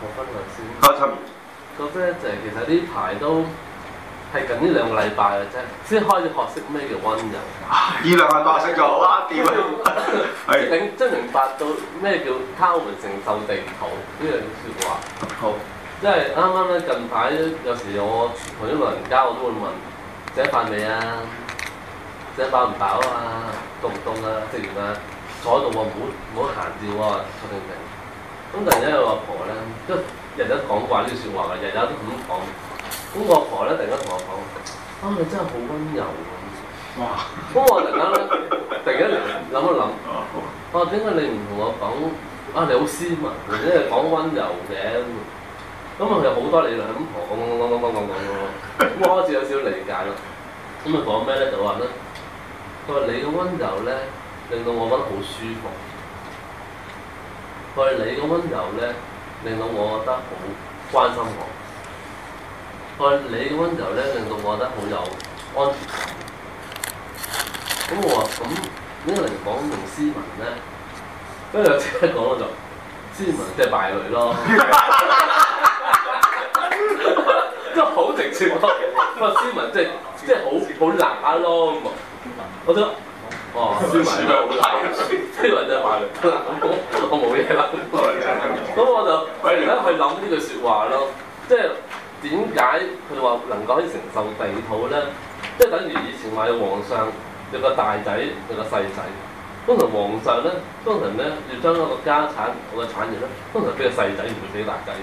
我分享先。開七年，咁就係其實呢排都係近呢兩個禮拜嘅啫，先開始學識咩叫温柔。二 兩係白色好啦，屌、啊！係，真真明白到咩叫他們承受地唔好！呢樣説話。好，即係啱啱咧近排有時我同啲老人家我都會問：食飯未啊？即係飽唔飽啊？凍唔凍啊？食完啊？坐喺度啊，唔好唔好行字喎，坐定定。咁突然間有個阿婆咧，都日日講慣呢啲説話嘅，日日都咁講。咁個阿婆咧突然間同我講：啊，你真係好温柔咁啊。哇！咁我突然間咧，突然間諗一諗，啊，點解你唔同我講？啊，你好斯文，或者係講温柔嘅。咁啊，佢有好多理論咁講講講講講講講。咁我開始有少少理解咯。咁啊，講咩咧？就話咧。佢話你嘅温柔咧，令到我覺得好舒服。佢話你嘅温柔咧，令到我覺得好關心我。佢話你嘅温柔咧，令到我覺得好有安全感。咁我話咁呢個嚟講同思文咧？跟住我即刻講咗，就，思文即係敗類咯，都好直接喎。咁 啊、就是，思文即係即係好好乸咯咁我得，哦，都好大。呢輪真係買佢，我冇嘢啦。咁 我就而家去諗呢句説話咯，即係點解佢話能夠可以承受地土咧？即係等於以前話有皇上有個大仔有個細仔，通常皇上咧，通常咧要將一個家產、個產業咧，通常俾個細仔唔唔俾大仔，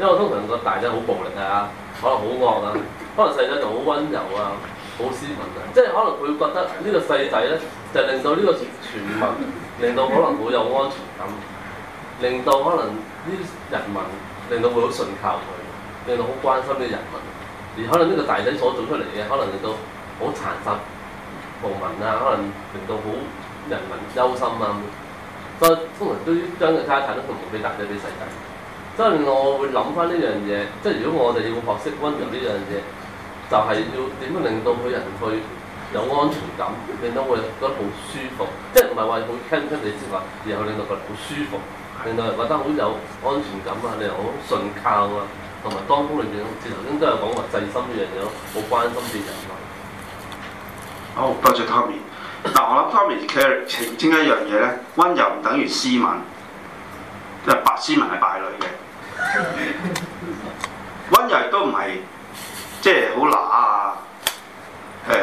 因為通常個大仔好暴力啊，可能好惡啊，可能細仔就好温柔啊。好斯文啊！即係可能佢覺得個呢個細仔咧，就係、令到呢個傳傳聞，令到可能好有安全感，令到可能啲人民，令到會好信靠佢，令到好關心啲人民。而可能呢個大仔所做出嚟嘅，可能令到好殘殺平民啊，可能令到好人民憂心啊。所以通常都將嘅家產都同唔俾大仔，俾細仔。所以令我會諗翻呢樣嘢，即係如果我哋要學識温柔呢樣嘢。就係要點樣令到佢人去有安全感，令到佢覺得好舒服，即係唔係話好聽出你之外，然後令到佢好舒服，令到人覺得好有安全感，令順順啊，你又好信靠啊，同埋當中裏邊，我頭先都有講話細心呢樣嘢，好關心啲人咯。好，多謝 Tommy。但我諗 Tommy care，澄清一樣嘢咧，温柔唔等於斯文，又白斯文係敗類嘅。温 柔都唔係。即係好乸啊！誒、呃，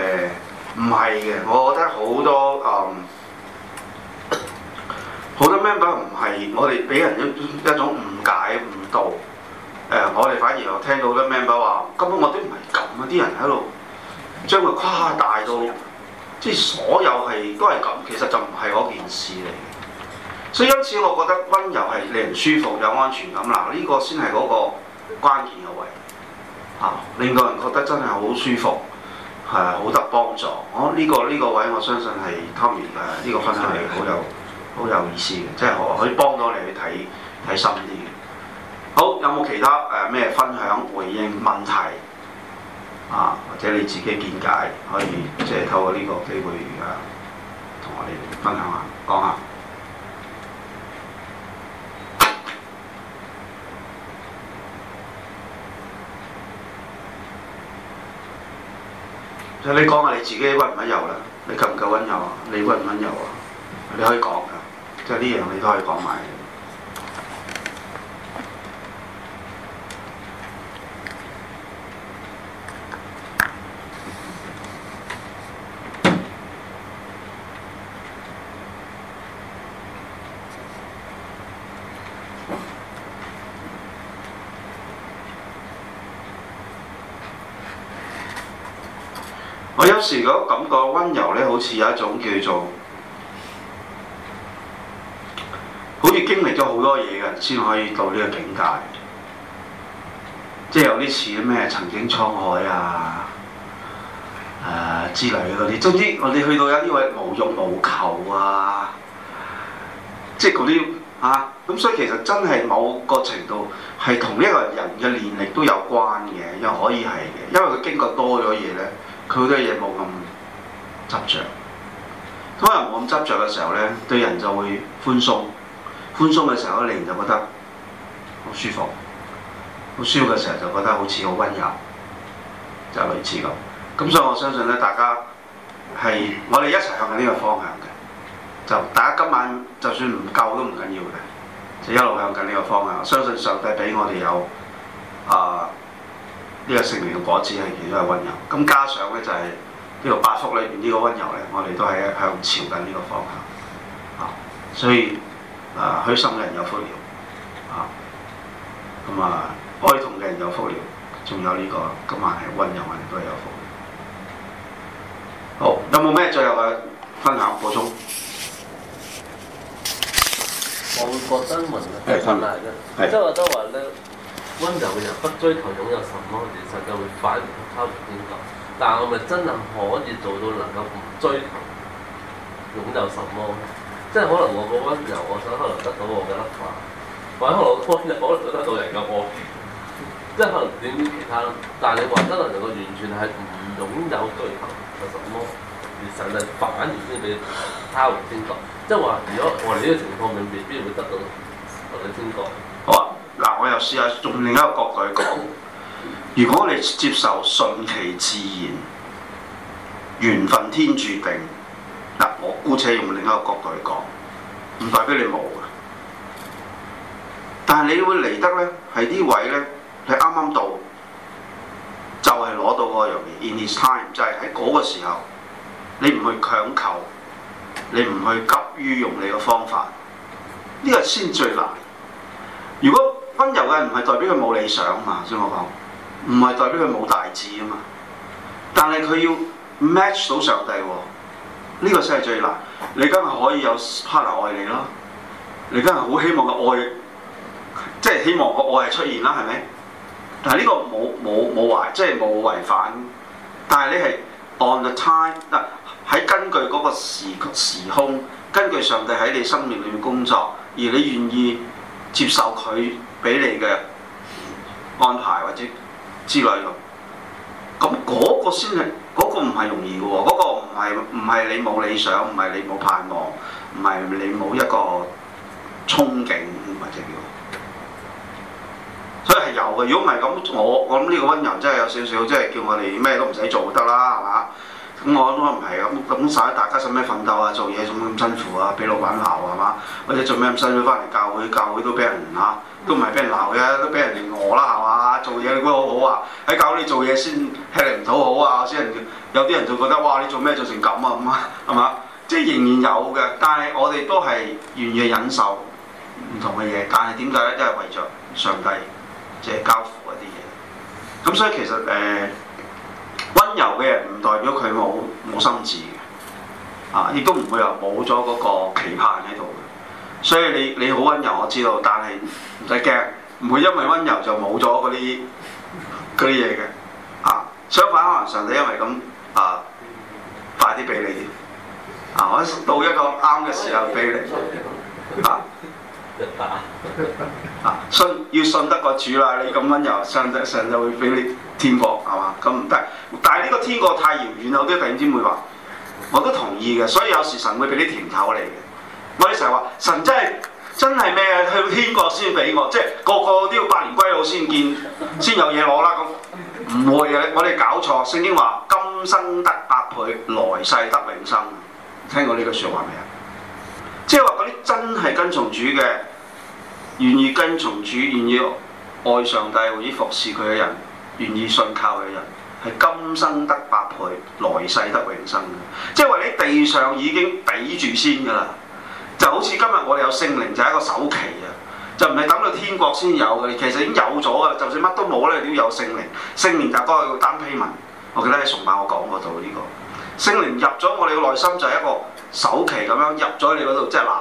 唔係嘅，我覺得好多誒，好、呃、多 member 唔係我哋俾人一一種誤解誤導。誒、呃，我哋反而我聽到啲 member 話，根本我都唔係咁啊！啲人喺度將佢誇大到，即係所有係都係咁，其實就唔係嗰件事嚟嘅。所以因此，我覺得温柔係令人舒服有安全感啦，呢、這個先係嗰個關鍵嘅位。啊！令到人覺得真係好舒服，係好得幫助。我、啊、呢、這個呢、這個位，我相信係 Tommy 誒呢個分享係好有好有意思嘅，即係可可以幫到你去睇睇深啲嘅。好，有冇其他誒咩、啊、分享回應問題啊？或者你自己見解可以即係透過呢個機會誒同、啊、我哋分享下講下。講你講下你自己温唔温柔啦？你夠唔夠温柔啊？你温唔温柔啊？你可以講㗎，即係呢樣你都可以講埋。有時嗰感覺温柔呢，好似有一種叫做，好似經歷咗好多嘢嘅，先可以到呢個境界。即係有啲似咩曾經滄海啊，誒、啊、之類嗰啲，總之我哋去到有啲位無欲無求啊，即係嗰啲嚇。咁、啊、所以其實真係某個程度係同呢一個人嘅年齡都有關嘅，又可以係嘅，因為佢經過多咗嘢呢。佢好多嘢冇咁執着。咁可能冇咁執着嘅時候咧，對人就會寬鬆，寬鬆嘅時候令人就覺得好舒服，好舒服嘅時候就覺得好似好温柔，就是、類似咁。咁所以我相信咧，大家係我哋一齊向緊呢個方向嘅，就大家今晚就算唔夠都唔緊要嘅，就一路向緊呢個方向。我相信上帝俾我哋有啊。呢個聖靈嘅果子係其實係温柔，咁加上咧就係呢個八福裏邊呢個温柔咧，我哋都係向朝緊呢個方向啊，所以啊虛心嘅人有福了啊，咁啊哀痛嘅人有福了，仲有呢個今晚係温柔，我哋都、啊、有福，啊啊有福，有這個有福。好，有冇咩最後嘅分享補充？我會覺得問即係我覺得咧。温柔嘅人不追求擁有什麼，而實際就會反而他回天國。但係我咪真係可以做到能夠唔追求擁有什麼？即係可能我個温柔，我想可能得到我嘅執法，或者可能我温柔，可能得到人嘅愛，即係可能點點 其他。但係你話真係能夠完全係唔擁有追求有什麼，而實際反而先俾他回天國。即係話，如果我哋呢個情況，未必會得到個回天國。嗱，我又試下用另一個角度去講。如果你接受順其自然、緣分天注定，嗱，我姑且用另一個角度去講，唔代表你冇。但係你會嚟得咧，係啲位咧，你啱啱到，就係、是、攞到嗰樣嘢。In his time，就係喺嗰個時候，你唔去強求，你唔去急於用你嘅方法，呢、這個先最難。如果温柔嘅唔係代表佢冇理想嘛，先我講，唔係代表佢冇大志啊嘛。但係佢要 match 到上帝喎，呢個先係最難。你今日可以有 partner 愛你咯，你今日好希望個愛，即係希望個愛係出現啦，係咪？嗱，呢個冇冇冇壞，即係冇違反。但係你係 on the time 嗱、呃，喺根據嗰個時時空，根據上帝喺你生命裏面工作，而你願意接受佢。俾你嘅安排或者之類嘅，咁嗰個先係嗰個唔係容易嘅喎，嗰個唔係唔係你冇理想，唔係你冇盼望，唔係你冇一個憧憬或者叫，所以係有嘅。如果唔係咁，我我諗呢個溫柔真係有少少，即係叫我哋咩都唔使做得啦，係嘛？咁我都唔係咁，咁曬大家使咩奮鬥啊？做嘢做咩咁辛苦啊？俾老闆鬧係嘛？或者做咩咁辛苦翻嚟教會教會都俾人嚇？都唔係俾人鬧嘅，都俾人哋餓啦，係嘛？做嘢你估好好啊，喺教你做嘢先吃力唔討好啊，先有啲人就覺得哇！你做咩做成咁啊？咁啊，係嘛？即係仍然有嘅，但係我哋都係願意忍受唔同嘅嘢。但係點解咧？因為都係為着上帝即係交付嗰啲嘢。咁所以其實誒温柔嘅人唔代表佢冇冇心智嘅啊，亦都唔會話冇咗嗰個期盼喺度。所以你你好温柔，我知道，但係。就係驚，唔會因為温柔就冇咗嗰啲啲嘢嘅，啊，相反可能上帝因為咁啊，快啲俾你，啊，到一個啱嘅時候俾你，啊，啊，信要信得個主啦，你咁温柔，上帝上帝會俾你天國，係嘛？咁唔得，但係呢個天國太遙遠啦，好多弟兄姊妹話，我都同意嘅，所以有時神會俾啲甜頭你嘅，我哋成日話神真係。真係咩？去天國先俾我，即係個個都要百年歸老先見，先有嘢攞啦。咁唔會嘅，我哋搞錯。聖經話今生得百倍，來世得永生。聽過呢句説話未啊？即係話嗰啲真係跟從主嘅，願意跟從主、願意愛上帝、願意服侍佢嘅人，願意信靠佢嘅人，係今生得百倍，來世得永生。即係話你地上已經俾住先㗎啦。就好似今日我哋有聖靈，就係一個首期啊！就唔係等到天國先有嘅，其實已經有咗噶。就算乜都冇咧，你都要有聖靈。聖靈就係嗰個單批文，我記得你崇拜我講過到、這、呢個聖靈入咗我哋嘅內心，就係一個首期咁樣入咗你嗰度，即係嗱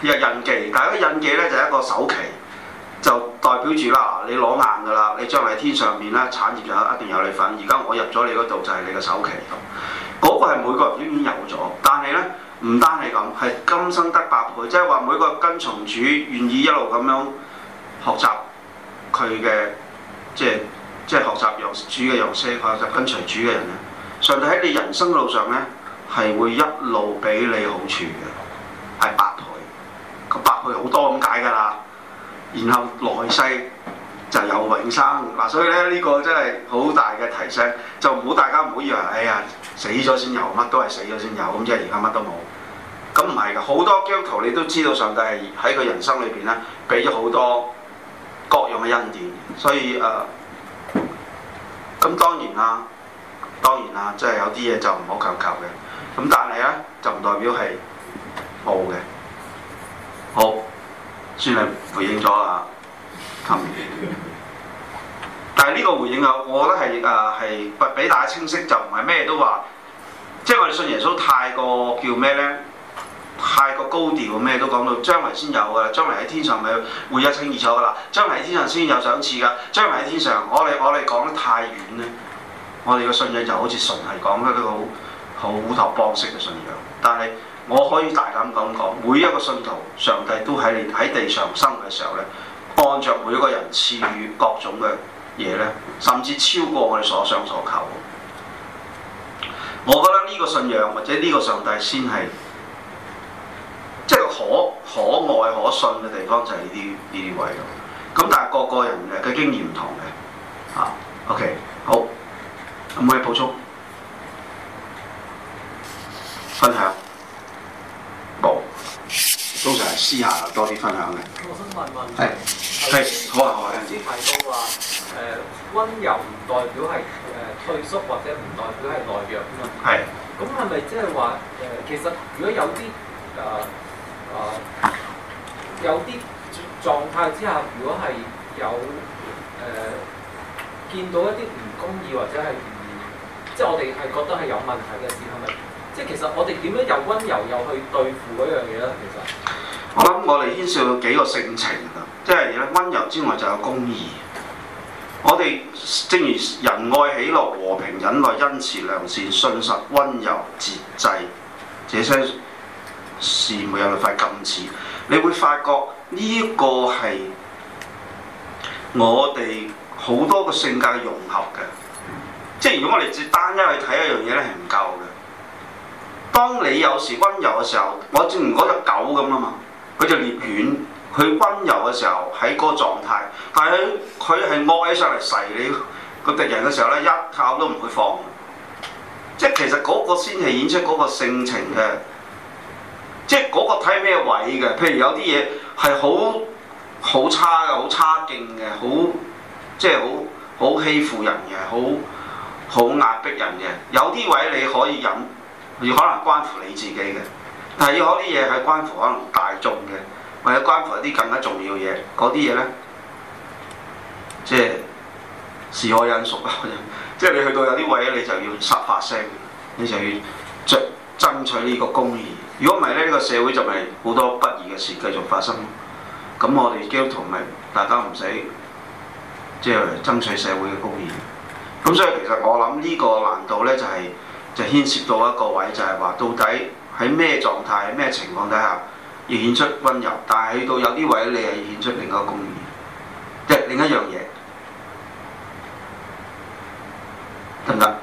入印記。但係個印記咧就係一個首期，就代表住啦，你攞硬㗎啦，你將來天上面咧產業就一定有你份。而家我入咗你嗰度就係、是、你嘅首期，嗰、這個係每個人都已經有咗，但係咧。唔單係咁，係今生得百倍，即係話每個跟從主願意一路咁樣學習佢嘅，即係即係學習羊主嘅羊車，學習跟隨主嘅人咧。上帝喺你人生路上咧，係會一路俾你好處嘅，係百倍，個百倍好多咁解㗎啦。然後來世就有永生嗱，所以咧呢個真係好大嘅提升，就唔好大家唔好以為，哎呀死咗先有，乜都係死咗先有咁即係，而家乜都冇。咁唔係噶，好多基督徒你都知道，上帝係喺佢人生裏邊咧，俾咗好多各樣嘅恩典。所以誒，咁當然啦，當然啦，即係有啲嘢就唔好強求嘅。咁但係咧，就唔代表係冇嘅。好，算係回應咗啦。但係呢個回應啊，我覺得係誒係俾大家清晰，就唔係咩都話，即係我哋信耶穌太過叫咩咧？太過高調咩都講到將來先有噶啦，將來喺天上咪會一清二楚噶啦，將來喺天上先有賞賜噶。將來喺天上，我哋我哋講得太遠呢。我哋嘅信仰就好似純係講一個好好烏托邦式嘅信仰。但係我可以大膽咁講，每一個信徒上帝都喺喺地上生活嘅時候呢，按着每一個人賜予各種嘅嘢呢，甚至超過我哋所想所求。我覺得呢個信仰或者呢個上帝先係。即係可可愛可信嘅地方就係呢啲呢啲位咯。咁但係個個人嘅佢經驗唔同嘅。啊，OK，好。可唔可以補充？分享？冇。通常係私下多啲分享嘅。我想問，我問。係你。係你，好啊，好啊。頭先提到話誒，呃、溫柔唔代表係誒、呃、退縮或者唔代表係內弱啊嘛。係是。咁係咪即係話誒？其實如果有啲誒。呃有啲狀態之下，如果係有誒、呃、見到一啲唔公義或者係唔即係我哋係覺得係有問題嘅事，係咪？即係其實我哋點樣又温柔又去對付嗰樣嘢呢？其實，我諗我哋牽涉幾個性情即係咧，温柔之外就有公義。我哋正如仁愛、喜樂、和平、忍耐、恩慈、良善、信實、温柔、節制這些。事沒有你快咁似，你會發覺呢一個係我哋好多個性格融合嘅，即係如果我哋只單一去睇一樣嘢咧係唔夠嘅。當你有時温柔嘅時候，我正如嗰隻狗咁啊嘛，佢就獵犬，佢温柔嘅時候喺嗰個狀態，但係佢佢係惡起上嚟噬你個敵人嘅時候咧一炮都唔會放，即係其實嗰個先係演出嗰個性情嘅。即係嗰個睇咩位嘅？譬如有啲嘢係好好差嘅，好差勁嘅，好即係好好欺負人嘅，好好壓迫人嘅。有啲位你可以忍，而可能關乎你自己嘅，但係有啲嘢係關乎可能大眾嘅，或者關乎一啲更加重要嘢。嗰啲嘢呢，即係是可忍孰不 即係你去到有啲位你就要實發聲，你就要著爭取呢個公義。如果唔係呢個社會就咪好多不義嘅事繼續發生。咁我哋基督徒咪大家唔使即係爭取社會嘅公義。咁所以其實我諗呢個難度呢、就係，就係就牽涉到一個位，就係、係、話到底喺咩狀態、咩情況底下要顯出温柔，但係去到有啲位你係要顯出另一個公義，即係另一樣嘢。得唔得？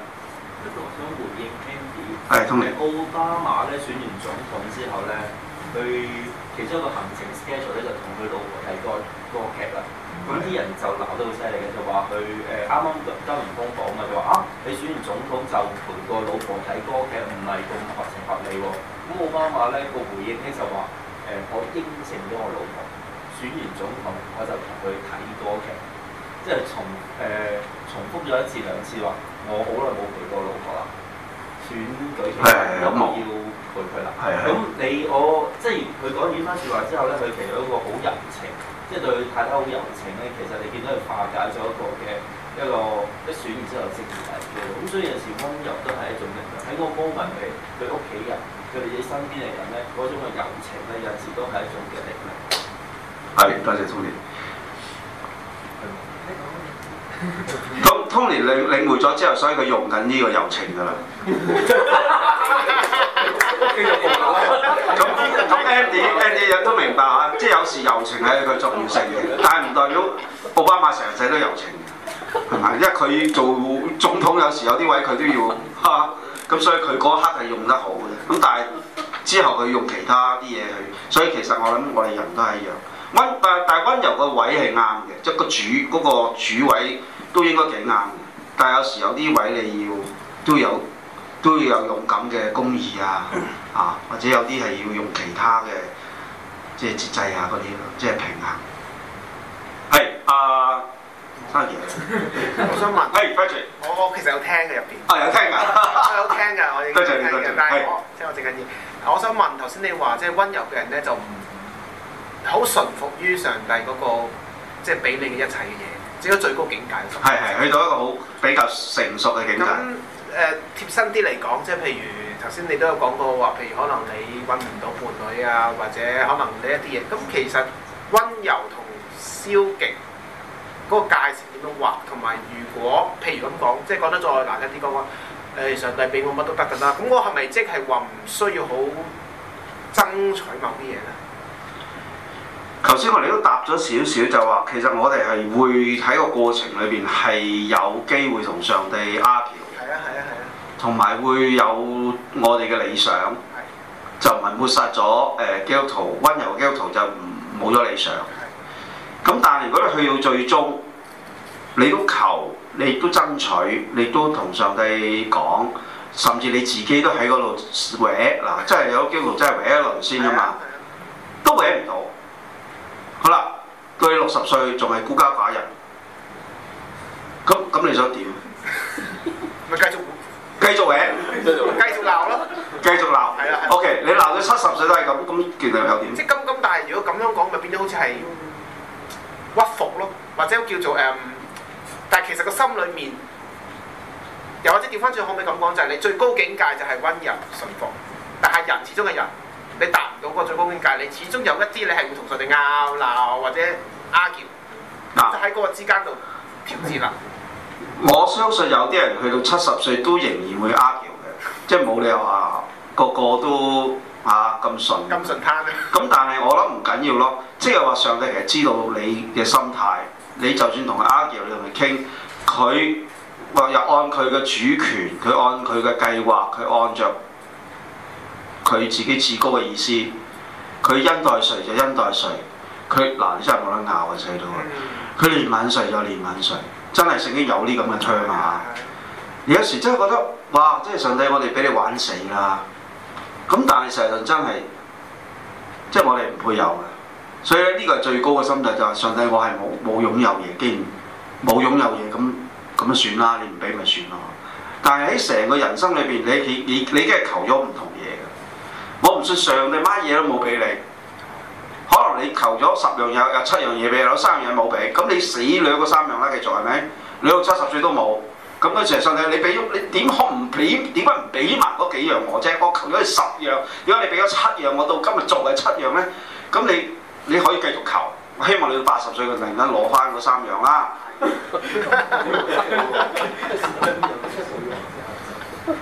係，同埋奧巴馬咧選完總統之後咧，佢其中一個行程 schedule 咧就同佢老婆睇歌歌劇啦。咁啲、嗯、人就鬧得好犀利嘅，就話佢誒啱啱周而復始啊就話啊，你選完總統就陪個老婆睇歌劇，唔係咁合情合理喎、哦。咁奧巴馬咧個回應咧就話誒、呃，我應承咗我老婆選完總統我就同佢睇歌劇，即係重誒重複咗一次兩次話，我好耐冇陪過老婆啦。選舉嘅有一要陪佢啦。咁你我即係佢講完番説話之後咧，佢其實一個好柔情，即係對太太好柔情咧。其實你見到佢化解咗一個嘅一個一選之後政治危機。咁所以有時温柔都係一種力量。喺我家庭裏，對屋企人，對你身邊嘅人咧，嗰種嘅柔情咧，有時都係一種嘅力量。係，多謝 Tony Tony 領會咗之後，所以佢用緊呢個柔情㗎啦。咁咁 Andy Andy 都明白嚇，即係有時柔情係一個重要性嘅，但係唔代表奧巴馬成世都柔情嘅，係咪？因為佢做總統有時有啲位佢都要，咁、啊、所以佢嗰刻係用得好嘅。咁但係之後佢用其他啲嘢去，所以其實我諗我哋人都係一樣。但但溫但但温柔個位係啱嘅，即、就、係、是、個主嗰、那個主位。都應該幾硬，但係有時有啲位你要都有都要有勇敢嘅公義啊，啊或者有啲係要用其他嘅即係節制啊嗰啲，即係平衡。係啊，我想問，係，我我其實有聽嘅入邊，啊有聽㗎，我有聽㗎，我亦有聽，多謝你，多謝。係，即係我最緊要。我想問頭先你話即係溫柔嘅人咧就唔好順服於上帝嗰個即係俾你嘅一切嘅嘢。整個最高境界，係係去到一個好比較成熟嘅境界。咁誒、呃、貼身啲嚟講，即係譬如頭先你都有講過話，譬如可能你揾唔到伴侶啊，或者可能你一啲嘢。咁其實温柔同消極嗰個界線點樣劃？同埋如果譬如咁講，即係講得再難聽啲講話，誒、呃、上帝俾我乜都得㗎啦。咁我係咪即係話唔需要好爭取某啲嘢咧？頭先我哋都答咗少少，就話其實我哋係會喺個過程裏邊係有機會同上帝 argue，係啊係啊係啊，同埋、啊啊、會有我哋嘅理想，啊、就唔係抹殺咗誒基督徒温柔嘅基督徒就冇咗理想。咁、啊啊、但係如果你去到最終，你都求，你都爭取，你都同上帝講，甚至你自己都喺嗰度搲，嗱真係有基督徒真係搲一輪先啊嘛、啊啊，都搲唔到。好啦，到你六十歲仲係孤家寡人，咁咁你想點？咪繼續繼續搵，繼續鬧咯，繼續鬧。係啦，OK，你鬧到七十歲都係咁，咁其實又點？即係咁咁但係，如果咁樣講，咪變咗好似係屈服咯，或者叫做誒，但係其實個心裏面，又或者調翻轉，可唔可以咁講？就係你最高境界就係溫柔順服，但係人始終係人。你達唔到嗰最高境界，你始終有一啲你係會同佢哋拗鬧或者 argue、啊、就喺嗰個之間度調節啦。我相信有啲人去到七十歲都仍然會 argue 嘅，即係冇理由話、啊、個個都嚇咁、啊、順。咁順攤咁，但係我諗唔緊要咯，即係話上帝其實知道你嘅心態，你就算同佢 argue 你同佢傾，佢話又按佢嘅主權，佢按佢嘅計劃，佢按着，佢自己至高嘅意思，佢恩待誰就恩待誰，佢嗱你真係冇得拗嘅制度，佢憐憫誰就憐憫誰，真係聖經有呢咁嘅窗啊！有時真係覺得哇，即係上帝，我哋俾你玩死啦！咁但係實際上真係，即係我哋唔配有嘅，所以呢、這個係最高嘅心態就係、是、上帝，我係冇冇擁有嘢，既然冇擁有嘢，咁咁啊算啦，你唔俾咪算咯。但係喺成個人生裏邊，你你你你已經係求咗唔同。我唔信上帝，乜嘢都冇俾你。可能你求咗十樣嘢，有七樣嘢俾，有三樣嘢冇俾。咁你死兩個三樣啦，繼續係咪？你到七十歲都冇。咁呢？成日信你你俾，你點可唔俾？點解唔俾埋嗰幾樣我啫？我求咗你十樣，如果你俾咗七樣，我到今日仲係七樣呢。咁你你可以繼續求。我希望你到八十歲嘅陣間攞翻嗰三樣啦。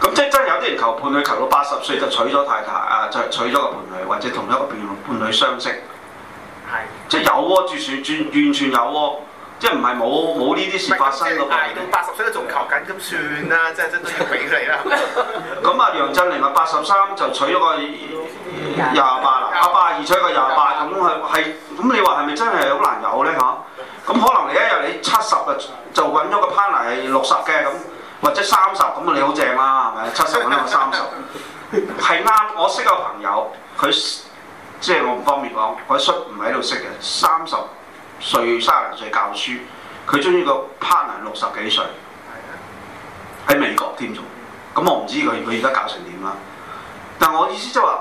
咁、嗯、即係真係有啲人求伴侶求到八十歲就娶咗太太啊，娶娶咗個伴侶，或者同一個伴伴侶相識，係即係有喔，絕算完全有喔，即係唔係冇冇呢啲事發生㗎嘛？八十歲都仲求緊，咁算啦，即係真係要俾你啦。咁啊，楊振寧啊，八十三就娶咗個廿八，阿八二娶個廿八，咁係係咁你話係咪真係好難有咧嚇？咁可能你一日你七十啊就揾咗個 partner 係六十嘅咁。或者三十咁啊你好正啦，係咪？七十我都我三十，係 啱。我識個朋友，佢即係我唔方便講，我叔唔喺度識嘅，三十歲三十零歲教書，佢中意個 partner 六十幾歲，喺美國添咗。咁我唔知佢佢而家教成點啦。但我意思即係話，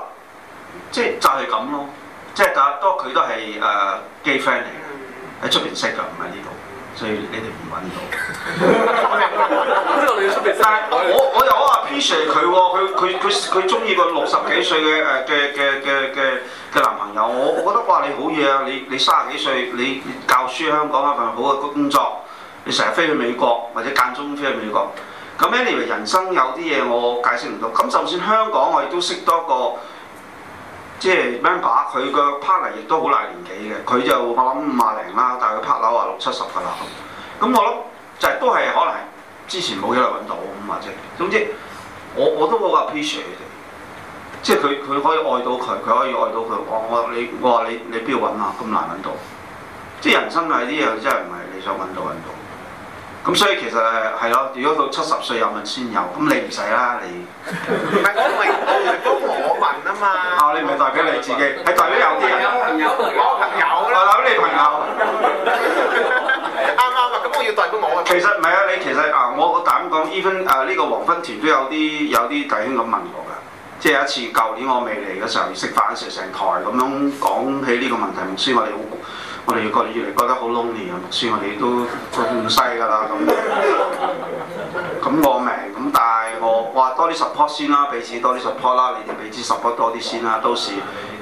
即係就係咁咯。即係大多佢都係、uh, gay friend 嚟嘅，喺出邊識嘅，唔喺呢度。所以你哋唔揾到， 呢個你要出，我我有啊，P Sir 佢佢佢佢中意個六十幾歲嘅誒嘅嘅嘅嘅嘅男朋友。我我覺得哇，你好嘢啊！你你三十幾歲你，你教書香港一份好嘅工作，你成日飛去美國或者間中飛去美國。咁 anyway 人生有啲嘢我解釋唔到。咁就算香港我亦都識多個。即係 member，佢個 partner 亦都好大年紀嘅，佢就我諗五啊零啦，但係佢 partner 啊六七十㗎啦。咁、嗯、我諗就係、都係可能之前冇一路揾到咁啊啫。總之我我都好 appreciate 佢哋，即係佢佢可以愛到佢，佢可以愛到佢。我我，我你我話你你邊度揾啊？咁難揾到，即係人生係啲嘢真係唔係你想揾到揾到。咁所以其實誒係咯，如果到七十歲有問先有，咁你唔使啦，你唔係 我問，我嚟幫我問啊嘛！啊，你唔係代表你自己，係 代表有啲人啊！有個朋友，我個、啊、朋友，啊、我代表你朋友，啱啱咁我要代表我。其實唔係啊，你其實啊，我我膽講，even 誒呢個黃昏團都有啲有啲弟兄咁問我㗎，即係有一次舊年我未嚟嘅時候食飯嘅時候，成台咁樣講起呢個問題問先話你，你我哋越嚟越覺得好 lonely 啊，讀書我哋都做咁細㗎啦，咁咁我明，咁但係我，話多啲 support 先啦，彼此多啲 support 啦，你哋彼此 support 多啲先啦，到時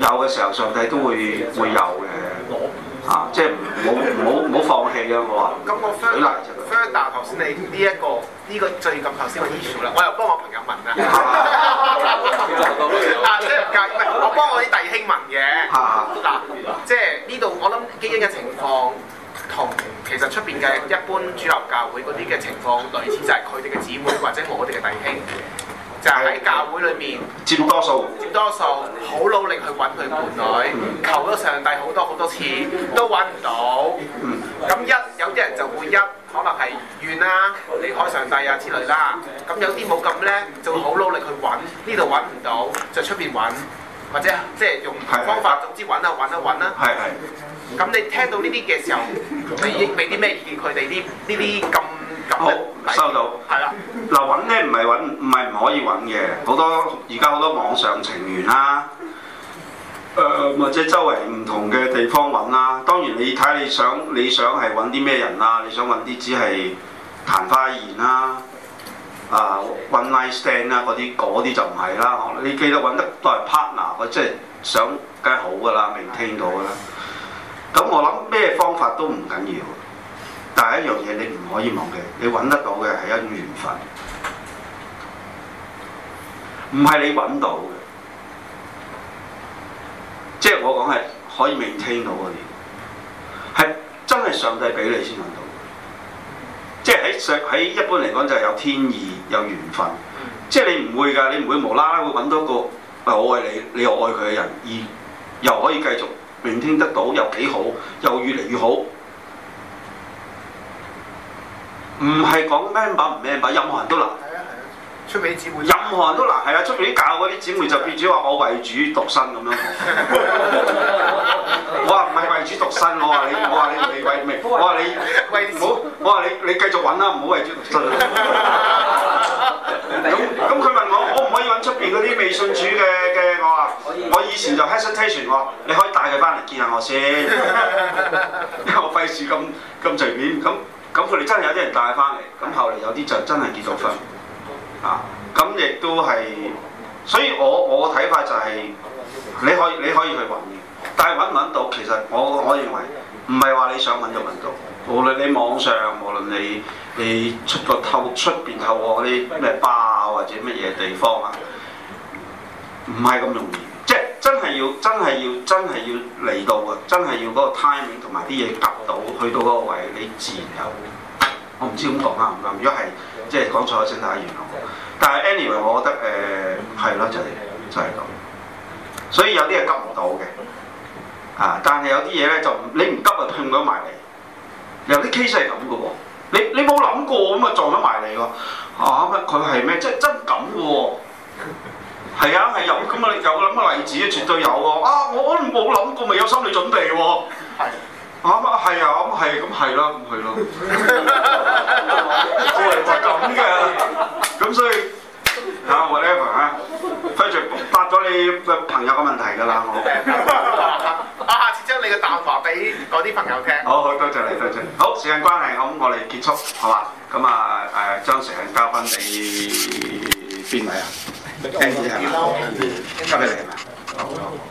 有嘅時候上帝都會會有嘅，啊，即係唔好唔好唔好放棄啊，我話。咁我 first 先你呢一個呢個最近頭先個 issue 啦，我又幫我朋友問啊，係 我幫我啲弟兄問嘅，即係。啲嘅情況同其實出邊嘅一般主流教會嗰啲嘅情況類似，就係佢哋嘅姊妹或者我哋嘅弟兄，就係喺教會裏面佔多數，佔多數，好努力去揾佢伴侶，求咗上帝好多好多次都揾唔到。咁一有啲人就會一，可能係怨啦、啊、離開上帝啊之類啦、啊。咁有啲冇咁咧，就會好努力去揾，呢度揾唔到就出邊揾。或者即係用方法，的總之揾一揾一揾啦。係係、啊。咁你聽到呢啲嘅時候，你應俾啲咩意見佢哋？呢呢啲咁好是收到。係啦的。嗱揾咧唔係揾，唔係唔可以揾嘅。好多而家好多網上情緣啦、啊。誒、呃，或者周圍唔同嘅地方揾啦、啊。當然你睇你想，你想係揾啲咩人啦？你想揾啲、啊、只係談花言啦、啊。啊，one night stand 啦，嗰啲嗰啲就唔係啦。你記得揾得都係 partner，即係想，梗係好噶啦，maintain 到啦。咁我諗咩方法都唔緊要，但係一樣嘢你唔可以忘記，你揾得到嘅係一種緣分，唔係你揾到嘅，即係我講係可以 maintain 到嗰啲，係真係上帝俾你先揾到。即係喺上喺一般嚟講就係有天意、有緣分，即係你唔會㗎，你唔會無啦啦會揾到一個，嗱我愛你，你又愛佢嘅人而又可以繼續聆聽得到又幾好，又越嚟越好，唔係講咩品唔咩品，任何人都難。出面姊任何人都難，係啊！出面啲教嗰啲姊妹就變咗話我為主獨身咁樣。 我話唔係為主獨身，我話你，我話你未為未，我話你為唔好，我話你我你繼續揾啦，唔好為主獨身。咁咁佢問我，可唔可以揾出邊嗰啲微信主嘅嘅我啊？我以前就 p r e s e t a t i o n 我，你可以帶佢翻嚟見下我先。 我費事咁咁隨便，咁咁佢哋真係有啲人帶翻嚟，咁後嚟有啲就真係結咗婚。啊！咁亦都係，所以我我嘅睇法就係，你可以你可以去揾，但係揾唔揾到，其實我我認為唔係話你想揾就揾到。無論你網上，無論你你出個透出邊透過嗰啲咩巴啊或者乜嘢地方啊，唔係咁容易。即係真係要真係要真係要嚟到啊！真係要嗰個 timing 同埋啲嘢夾到，去到個位你自然有。我唔知咁講啱唔啱，如果係。即係講錯咗先睇下原因。但係 anyway 我覺得誒係咯，就係就係咁。所以有啲嘢急唔到嘅啊，但係有啲嘢咧就你唔急就拼你你就到啊，碰咗埋嚟。有啲 case 係咁嘅喎，你你冇諗過咁啊撞咗埋嚟喎，啊佢係咩？即係真咁嘅喎。係啊係有咁啊有咁嘅例子，絕對有喎啊！我都冇諗過，未有心理準備喎。啊嚇嘛，係啊，咁係咁係啦，咁係咯，即係就咁嘅，咁所以啊或者啊，輝 Sir 答咗你嘅朋友嘅問題㗎啦，好啊，下次將你嘅答話俾嗰啲朋友聽。好好，多謝你，多謝。好，時間關係，咁我哋結束好嘛？咁啊誒，將成個交返俾邊位啊？邊位啊？邊位嚟㗎？